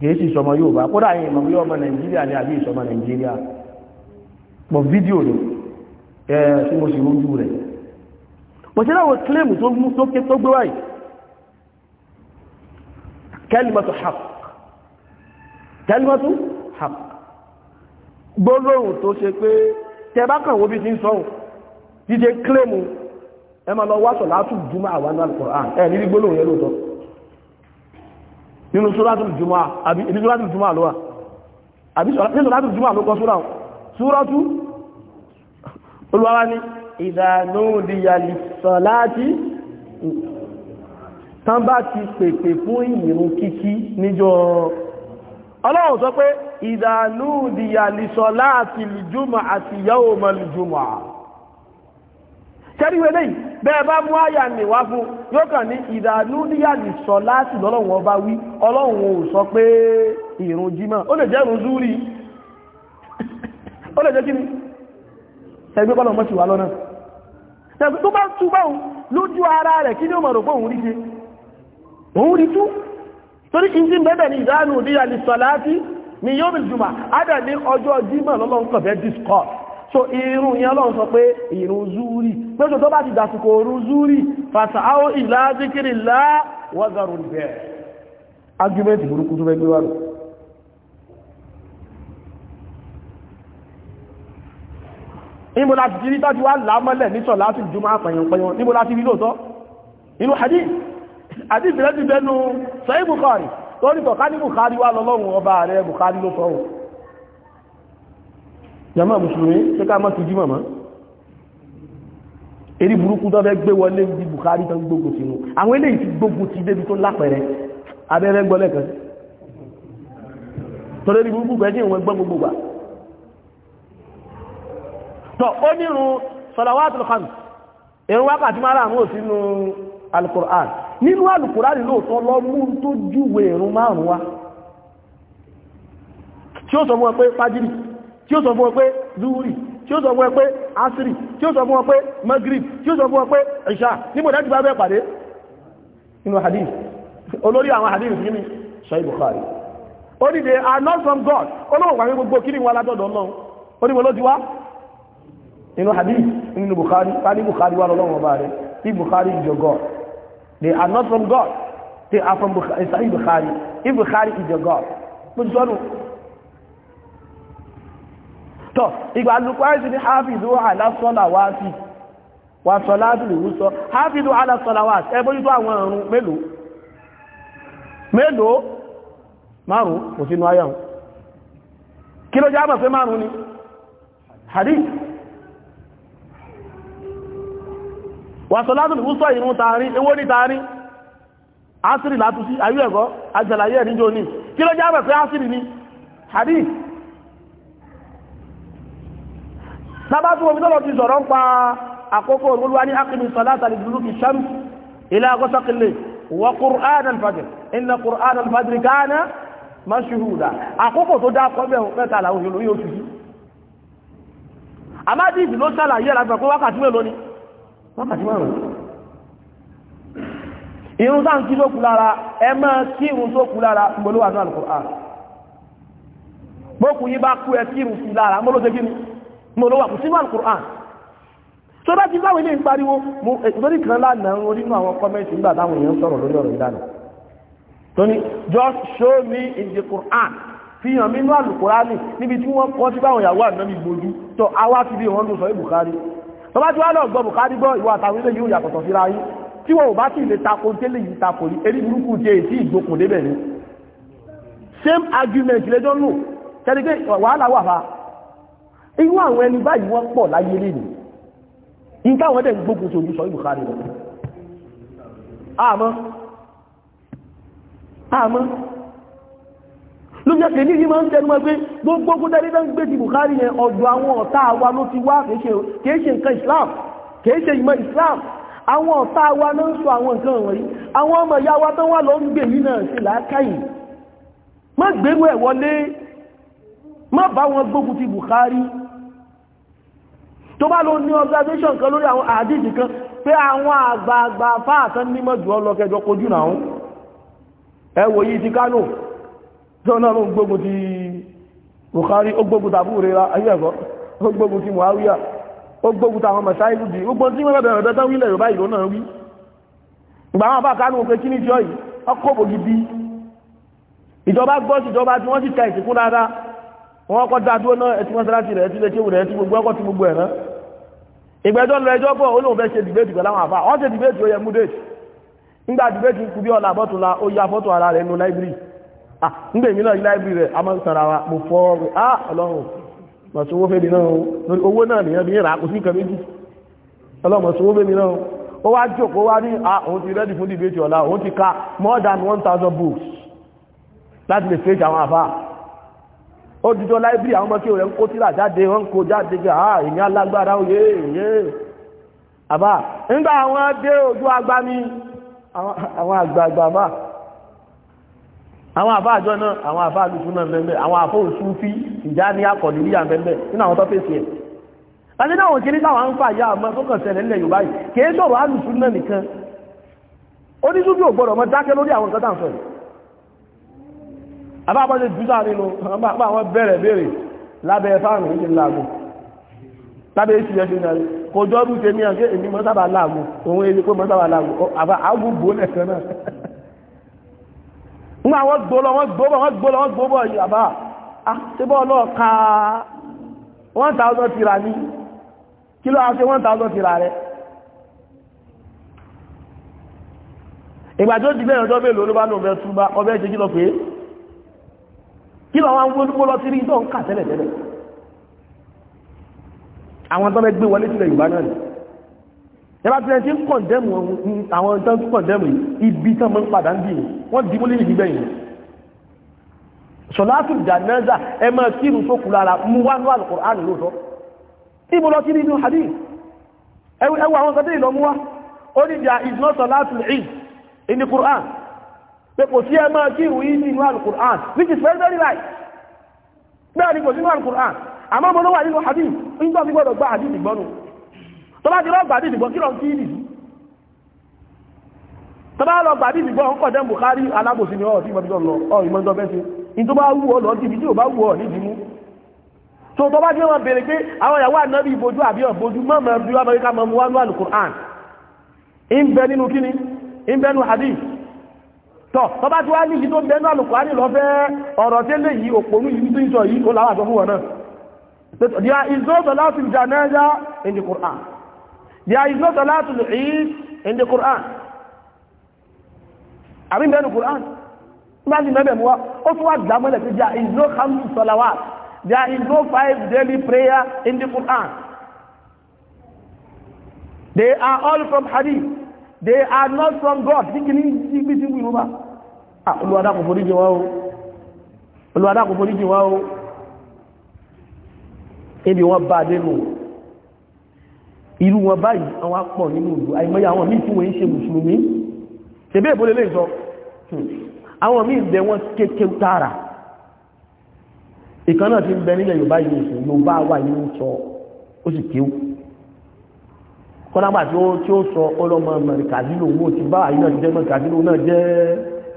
Speaker 2: kìí sì sọmọ Yorùbá, kódà ìhìn mọ̀ bí ọmọ Nàìjíríà ni àbí ìsọmọ Nàìjíríà mọ̀ fídíò rẹ̀ ẹ̀ ṣe mo sì rójú rẹ̀ mọ̀ sí láwọn claim tó mú sókè kalimatu haqq kalimatu haqq gbólóhùn tó ṣe pé tẹ́bá kàn wó bí ti ń sọ́hùn díje claim ẹ ma lọ wáṣọ̀ látù jùmọ́ àwọn al-Qur'an ẹ̀ nílí gbólóhùn yẹn lóòótọ́ nínú suratul jùmọ́ àbí suratul jùmọ́ àlọ́wà àbí suratul jùmọ́ àlọ́kọ́ súrọ́tú olúwa ní ìdánúdíyàlì sọ̀láti tán bá ti pèpè fún ìrun kíkí níjọ́ ọlọ́run sọ pé ìdánúdíyàlì sọ̀láti lùjúmọ̀ àti yàwó mọ̀ lùjúmọ̀ tẹ́ríwé lẹ́yìn bẹ́ẹ̀ bá mú àyà nìwá fún yóò kàn ní ìdánúdíyàlì sọ̀láti lọ́lọ́run ọba wí ọlọ́run ò sọ pé ìrun jímọ̀ ó lè jẹ́ ìrun zúrí ó lè jẹ́ kí ni ẹgbẹ́ kọ́lọ̀ mọ́ sí wà lọ́nà ẹgbẹ́ tó bá tú bá òun lójú ara rẹ̀ kí ni ó mọ̀rọ̀ pé òun rí ṣe òun rí tú torí kí n sí bẹ́bẹ̀ ní ìdánù ní alìsọ̀láti ní yóò bí jùmọ̀ ádà ní ọjọ́ jímọ̀ lọ́lọ́nkọ̀fẹ́ discord so irun yẹn lọ́n sọ pé irun zúúrì pẹ́sọ tó bá ti dàsìkò orun zúúrì fàṣàáwò ìlàzíkìrìlá wọ́gàrùn-ún bẹ̀rẹ̀ argument burúkú tó fẹ́ gbé wà lọ níbo láti ti rí tọ́jú wá lámọ́lẹ̀ ní sọ̀lá sí ìjúmọ́ àpàyànpàyàn níbo láti rí lóòtọ́ inú hadith àti ìfìrẹ́jì bẹnu sọ́yí Bukhari tó ní tọ̀ká ní Bukhari wá lọ́lọ́run ọba rẹ̀ Bukhari ló fọ́wọ́ jama musulmi ṣe ká mọ́ sí jí mọ̀mọ́ eré burúkú tó fẹ́ gbé wọlé bí Bukhari tó gbógun ti nù àwọn eléyìí ti gbógun ti débi tó lápẹ̀rẹ̀ abẹ́rẹ́ gbọ́lẹ̀ kan tọ́ ó nírun salawatul khams ìrun wákàtí márùn-ún ò sínú alukur'an nínú alukur'an lóòótọ́ lọ mú tó júwe ìrun márùn-ún wa tí ó sọ fún ọ pé fajiri tí ó sọ fún ọ pé zuhuri tí ó sọ fún ọ pé asiri tí ó sọ fún ọ pé magrib tí ó sọ fún ọ pé isha dájú bá bẹ́ pàdé nínú nínú hadith nínú bukhari tani bukhari wà lọ́wọ́ ọba rẹ̀ bukhari is your god they are not from god they are from bukhari eh, bukhari if bukhari is your god mo ti sọ́nù tọ́ ìgbà lukwari ti ní hafizu alasọ́là wá sí wà sọ́lá bí lè wú sọ hafizu alasọ́là wá sí ẹgbẹ́ tó àwọn ọ̀run mélòó mélòó márùn-ún kò sínú ayọ̀ kí ló jẹ́ àmọ̀ pé márùn-ún ni hadith wàsọ̀látùn ìwúsọ̀ ìrún tààrí ewó ní tààrí asìrì látú sí ayú ẹ̀gọ́ ajẹ̀láyé ẹ̀ní jò ní kí ló jábẹ̀ pé asìrì ní hadith sábá tún omi tọ́lọ̀ ti sọ̀rọ̀ ń pa àkókò olúwa ní akínú sọ̀látà lè dúró ìṣẹ́m ilá agọ́sọ́kìlẹ̀ wákàtí mélòó ni wákàtí márùn irun tá ń kí ló kù lára ẹ máa kí irun tó kù lára gbogbo wà ní Al-Qur'an bókù yí bá kú ẹ kí irun sí lára mọ́ ló ṣe kíni wà kù sínú Al-Qur'an tó bá ti báwọn ilé ń pariwo lórí eh, kan lánàá orí inú àwọn kọ́mẹ́ntì nígbà táwọn èèyàn sọ̀rọ̀ lórí ọ̀rọ̀ ìlànà tó ní just show me in the Qur'an fi hàn mí inú Al-Qur'an níbi tí wọ́n kọ́ sí báwọn ìyàwó àná mi gbójú tó awá ti bí wọ́n ló sọ ìbùkárí tó bá ti wá lọ gbọ́ gbọ́ ìwà àtàwọn ilé yóò yàtọ̀tọ̀ síra yín tí wọn bá sì lè tako tẹ́lẹ̀ yìí tako ní erí burúkú jẹ́ èsì ìgbókùn débẹ̀ ni same argument lẹ́jọ́ lò tẹ́lẹ̀ pé wàhálà wà fa irú àwọn ẹni báyìí wọ́n pọ̀ láyé lè nì nǹkan àwọn ẹ̀dẹ̀ ń gbógun tó ní sọ ìbùkárí lọ àmọ́ àmọ́ ló jẹ́ pé níbi máa ń tẹnu mọ́ gbogbo kúndẹ́lí náà ń gbé ti Bukhari yẹn ọ̀dọ̀ àwọn ọ̀tá wa ló ti wá kìí ṣe nǹkan Islam kìí ṣe ìmọ̀ Islam àwọn ọ̀tá wa náà ń sọ àwọn nǹkan wọ̀nyí àwọn ọmọ ìyá wa tán wà lọ ń gbè yìí náà sí làákàyè má gbérú ẹ̀ wọlé má bá wọn gbógun ti Bukhari tó bá ló ní observation kan lórí àwọn àdíjì kan pé àwọn àgbààgbà fáàtán nímọ̀ jù ọ lọ kẹjọ kojú náà ẹ yìí ti Kánò jọ́nà ló ń gbógun ti Bukhari ó gbógun tàbí òrera ayé ẹ̀kọ́ ó gbógun ti Muawiya ó gbógun tàwọn mẹ̀sáìlú di gbogbo tí wọ́n bẹ̀rẹ̀ tẹ́tẹ́ wílẹ̀ Yorùbá ìlú náà wí ìgbà wọn bá kánú pé kí ní jọ yìí ọkọ̀ bògì bí ìjọba gbọ́ sí ìjọba tí wọ́n sì ka ìsìnkú dáadáa wọ́n kọ́ dádúró náà ẹtí wọ́n sára ti rẹ̀ ẹtí lè kéwù rẹ̀ ẹtí gbogbo ọkọ̀ ti gbogbo ẹ̀ náà ìgbẹ́jọ́ lọ ẹjọ́ bọ̀ olóhùn fẹ́ ṣe dìbẹ́tì pẹ̀lú àwọn àfà wọ́n ṣe dìbẹ́tì ó yẹ múdèjì nígbà dìbẹ́tì kú bí ọ̀là bọ́tùlà ó ya fọ́tò ara rẹ̀ nù láìbírì Ah, nígbà èmi náà láìbí rẹ̀ a máa ń tara wa mo fọ́ ọ́rùn ah, á ọlọ́run mọ̀sówó fẹ́mi náà lórí owó náà nìyẹn bí ìrà kò sí nǹkan méjì ọlọ́run mọ̀sówó fẹ́mi náà ó wá jókòó wá ní àwọn ah, ti rẹ́dì fún dìbẹ́tì ọ̀la òun ti ka more than one thousand books láti lè fèjì àwọn àfáà ó dìjọ láìbírì àwọn ọmọ kí o rẹ̀ ń kó tíra jáde wọ́n ń kó jáde gẹ́ àà èyí alágbára oyè èyí àbá nígbà àwọn dé ojú agbá ní àwọn àgbààgbà bá àwọn àfáàjọ náà àwọn àfáàlùsùn náà bẹ́ẹ̀ àwọn àfóòsùn fi ìjà ní akọ̀lù yíyà bẹ́ẹ̀ nínú àwọn tó fèsì ẹ̀ àti náà kiri táwọn ń fà yá ọmọ tó kàn ṣẹlẹ̀ nílẹ̀ Yorùbá yìí kìí sọ̀rọ̀ alùsùn náà nìkan oníṣúbí ò gbọ́dọ̀ mọ́ dákẹ́ lórí àwọn nǹkan tàǹsọ̀ yìí nígbà wọ́n gbólọ wọ́n gbóbọ̀ wọ́n gbólọ wọ́n gbóbọ̀ ìyàbá àtibọ́ ọlọ́ọ̀ka 1000 tìrà ní kí ló ṣe 1000 tìrà rẹ̀ ìgbà tó ti bẹ́ẹ̀ ọjọ́ mélòó ló bá lóun fẹ́ túbá ọbẹ̀ ṣe kí lọ pé kí lọ wọn gbólúgbó lọ sí yàrá tí wọ́n ti ń kọ̀ndẹ́mù àwọn tó ń kọ̀ndẹ́mù ibi tán máa ń padà ń bì wọ́n di mọ́lẹ́ ìdígbẹ́ yìí sọ̀láṣù jàǹdà ẹ máa kírun tó kù lára mú wá ní Al-Qur'an lóòótọ́ tí mo lọ sí nínú hadith ẹwọ àwọn sọdẹ́ ìlọ mú wá ó ní ìjà ìdúná sọ̀láṣù rí inú Qur'an pé kò sí ẹ máa kírun yìí nínú Al-Qur'an which is very very right bẹ́ẹ̀ ni kò sínú Al-Qur'an àmọ́ mo lọ wà nínú hadith nígbà tí gbọ́dọ̀ gbá hadith ìgbọ́nù tó bá ti lọ gbàdí ìdìbọn kí lọ kí nìyí tó bá lọ gbàdí ìdìbọn ń kọ̀dẹ́ Bukhari alábòsí ni ọ̀rọ̀ tí ìmọ̀ ìjọ lọ ọ̀rọ̀ ìmọ̀ ìjọ bẹ́ẹ̀ ṣe ní tó bá wù ọ lọ dìbí tí ò bá wù ọ nídìí mú tó tó bá jẹ́ wọn bèèrè pé àwọn ìyàwó ànábì ìbojú àbí ọ̀bojú mọ́mọ̀ ẹbí wá mọ́ríká mọ́mú wá ní alukur'an tó bá tí ní ìdí ọ̀rọ̀ tí lè yí òpònú yìí tó ń sọ ó láwà sọ fún wọn náà There is no Salatul Eid in the Quran. Àbí bẹ́ẹ̀ ni Quran. Nígbà tí mẹ́bẹ̀ mú wá, ó tún wá dámọ́lẹ̀ pé there is no Hamdu Salawat. There is no five daily prayer in the Quran. They are all from Hadith. They are not from God. Kíkìní ibi tí wí rúbá. Ah, Olúwadá kò forí jì wá o. Olúwadá kò forí jì wá o. Ibi wọ́n bá dé nù irú wọn báyìí àwọn apọ̀ nínú ìlú àìmọ́yà àwọn míì tí wọ́n ń ṣe mùsùlùmí ṣebí èbò lélẹ́ ìsọ àwọn míì bẹ wọ́n kéèké tààrà ìkan náà ti ń bẹ nílẹ̀ Yorùbá yìí nìṣẹ́ Yorùbá wà ní sọ ó sì kéwú kọ́lápà tí ó sọ ọlọ́mọ mẹ̀rìkàdí lòun ó ti bá àyí jẹ́ mẹ̀rìkàdí lòun náà jẹ́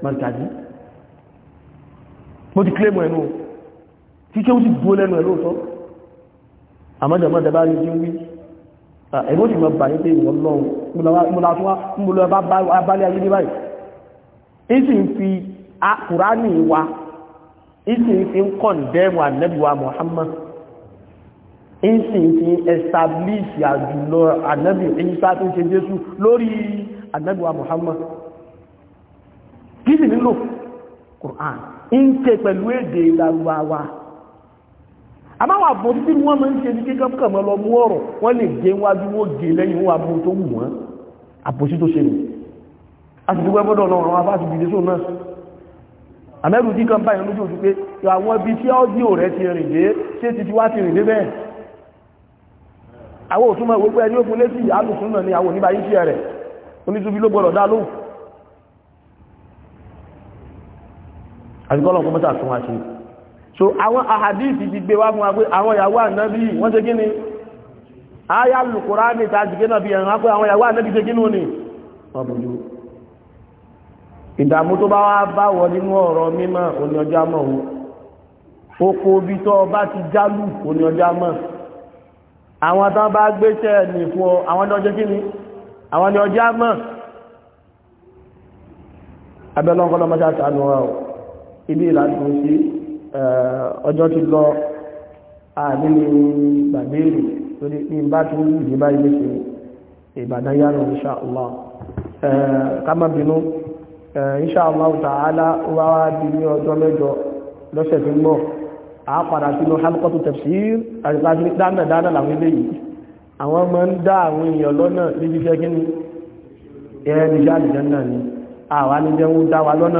Speaker 2: mẹ̀rìkàdí Ah, ẹ̀rọ sì mọ́ bàyí pé ìwọ̀n lọ́wọ́ múlọ́wọ́ múlọ́ bá abálẹ̀ ayé ìsì ń fi akùránì wa ìsì ń fi ń kọ̀ǹdẹ́mù ànẹ́bùwa Muhammad ìsì ń fi establish àjùlọ ànẹ́bù ìsá tó Muhammad ń ké àbáwọn àbòsí tí wọ́n máa ń ṣe ní kíkọ́ kàn mọ́ lọ mú ọ̀rọ̀ wọ́n lè gé wájú wọ́n gé lẹ́yìn wọ́n abúrú tó wù wọ́n àbòsí tó ṣe nù a sì dúpẹ́ bọ́dọ̀ ọ̀rọ̀ wọn bá ti dìde sóun náà àmẹ́rù tí kan báyìí lójú òjú pé àwọn ibi tí ọ́díò rẹ̀ ti rìn dé ṣé ti ti wá ti rìn dé bẹ́ẹ̀ àwọn òtúnmọ̀ ìwé pé ẹni ó fún létí alùsùn náà ni àwọn oníbàá yìí ṣe rẹ̀ onítúbí ló gbọ́dọ̀ dá lóhùn àti kọ́lọ̀ kọ́mọ́tà tún so àwọn ahadisi ti gbé wá fún wa pé àwọn ìyàwó ànábì wọ́n ṣe kíni ayá lùkúrá ní ìtajìké náà fi ẹ̀ràn pé àwọn ìyàwó ànábì ṣe kínú ni ọ̀bùdó ìdààmú tó bá wá bá wọ nínú ọ̀rọ̀ mímọ́ òní ọjọ́ àmọ́ òun oko bí tọ́ bá ti jálù òní ọjọ́ àmọ́ àwọn tán bá gbéṣẹ́ ní fún ọ àwọn ní ọjọ́ kíni àwọn ní ọjọ́ àmọ́ abẹ́lọ́nkọ́lọ́mọ́sá tánú ìlànà òsì Eh, ọjọ́ ti lọ àdílé gbàgbéèrè lórí ní bá tí eh, eh, ó wù ní báyìí lè ṣe ìbàdàn yára insha Allah kama bínú insha Allah ta'ala wá wá di ní ọjọ́ mẹ́jọ lọ́sẹ̀ tó ń bọ̀ a padà sínú halqatu tafsir àríkájú dáná dáná làwọn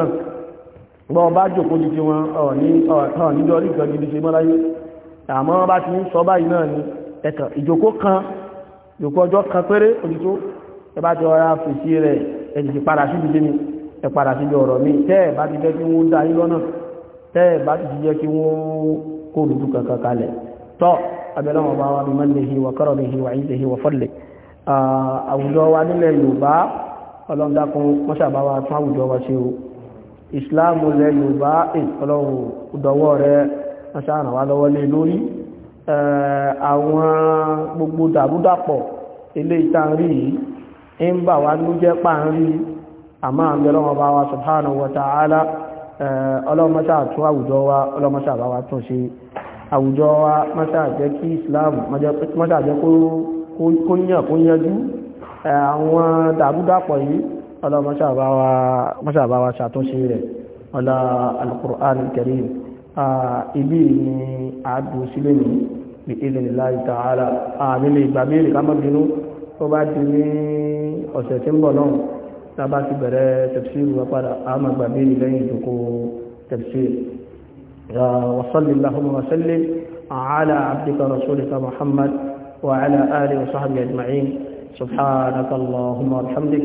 Speaker 2: gbọ́n bá jòkó jíjí wọn ọ̀nà níjọ́ orí ìkan gidi ṣe mọ́láyé àmọ́ bá ti ń sọ báyìí náà ni ẹ̀kàn ìjòkó kan ìjòkó ọjọ́ kan péré òjìtó ẹbá ti ọ̀rá fèsì rẹ̀ ẹ̀jìjì padà sí jíjí ni ẹ padà sí ọ̀rọ̀ mi tẹ́ ẹ̀ bá ti jẹ́ kí wọ́n dá yín lọ́nà tẹ́ ẹ̀ bá ti jẹ́ kí wọ́n kó lùdú kankan kalẹ̀ tọ́ abẹ́lẹ́wọ̀n bá wa mímọ́ lè hi wà kọ́rọ̀ lè wa nílẹ̀ Yorùbá wa ṣe ìsìláàmù lẹ yorùbá ìpọlọ́wò ìdọ̀wọ́ rẹ wọ́n ṣàràn wá lọ́wọ́ lé lórí gbogbo dàrúdàpọ̀ ilé ìtàrí yi ń wa subhanahu wa ta'ala ọlọ́mọṣà tún àwùjọ wa ọlọ́mọṣà bá wa tún ṣe àwùjọ wa mọ́ṣà jẹ́ kí islam mọ́ṣà jẹ́ ọlọ́mọ́sàbáwá ṣàtúnṣe rẹ̀ ọlá al-Qur'an al-Karim ibi ni àádùn sílé ní bí idhnillahi ta'ala àmìlẹ̀ ìgbàmílẹ̀ kámọ́bìnú tó bá ti ní ọ̀sẹ̀ tí ń bọ̀ náà tábà ti bẹ̀rẹ̀ tafsiru wa padà اللهم وسلم على عبدك رسولك
Speaker 1: محمد وعلى آله وصحبه أجمعين سبحانك اللهم وبحمدك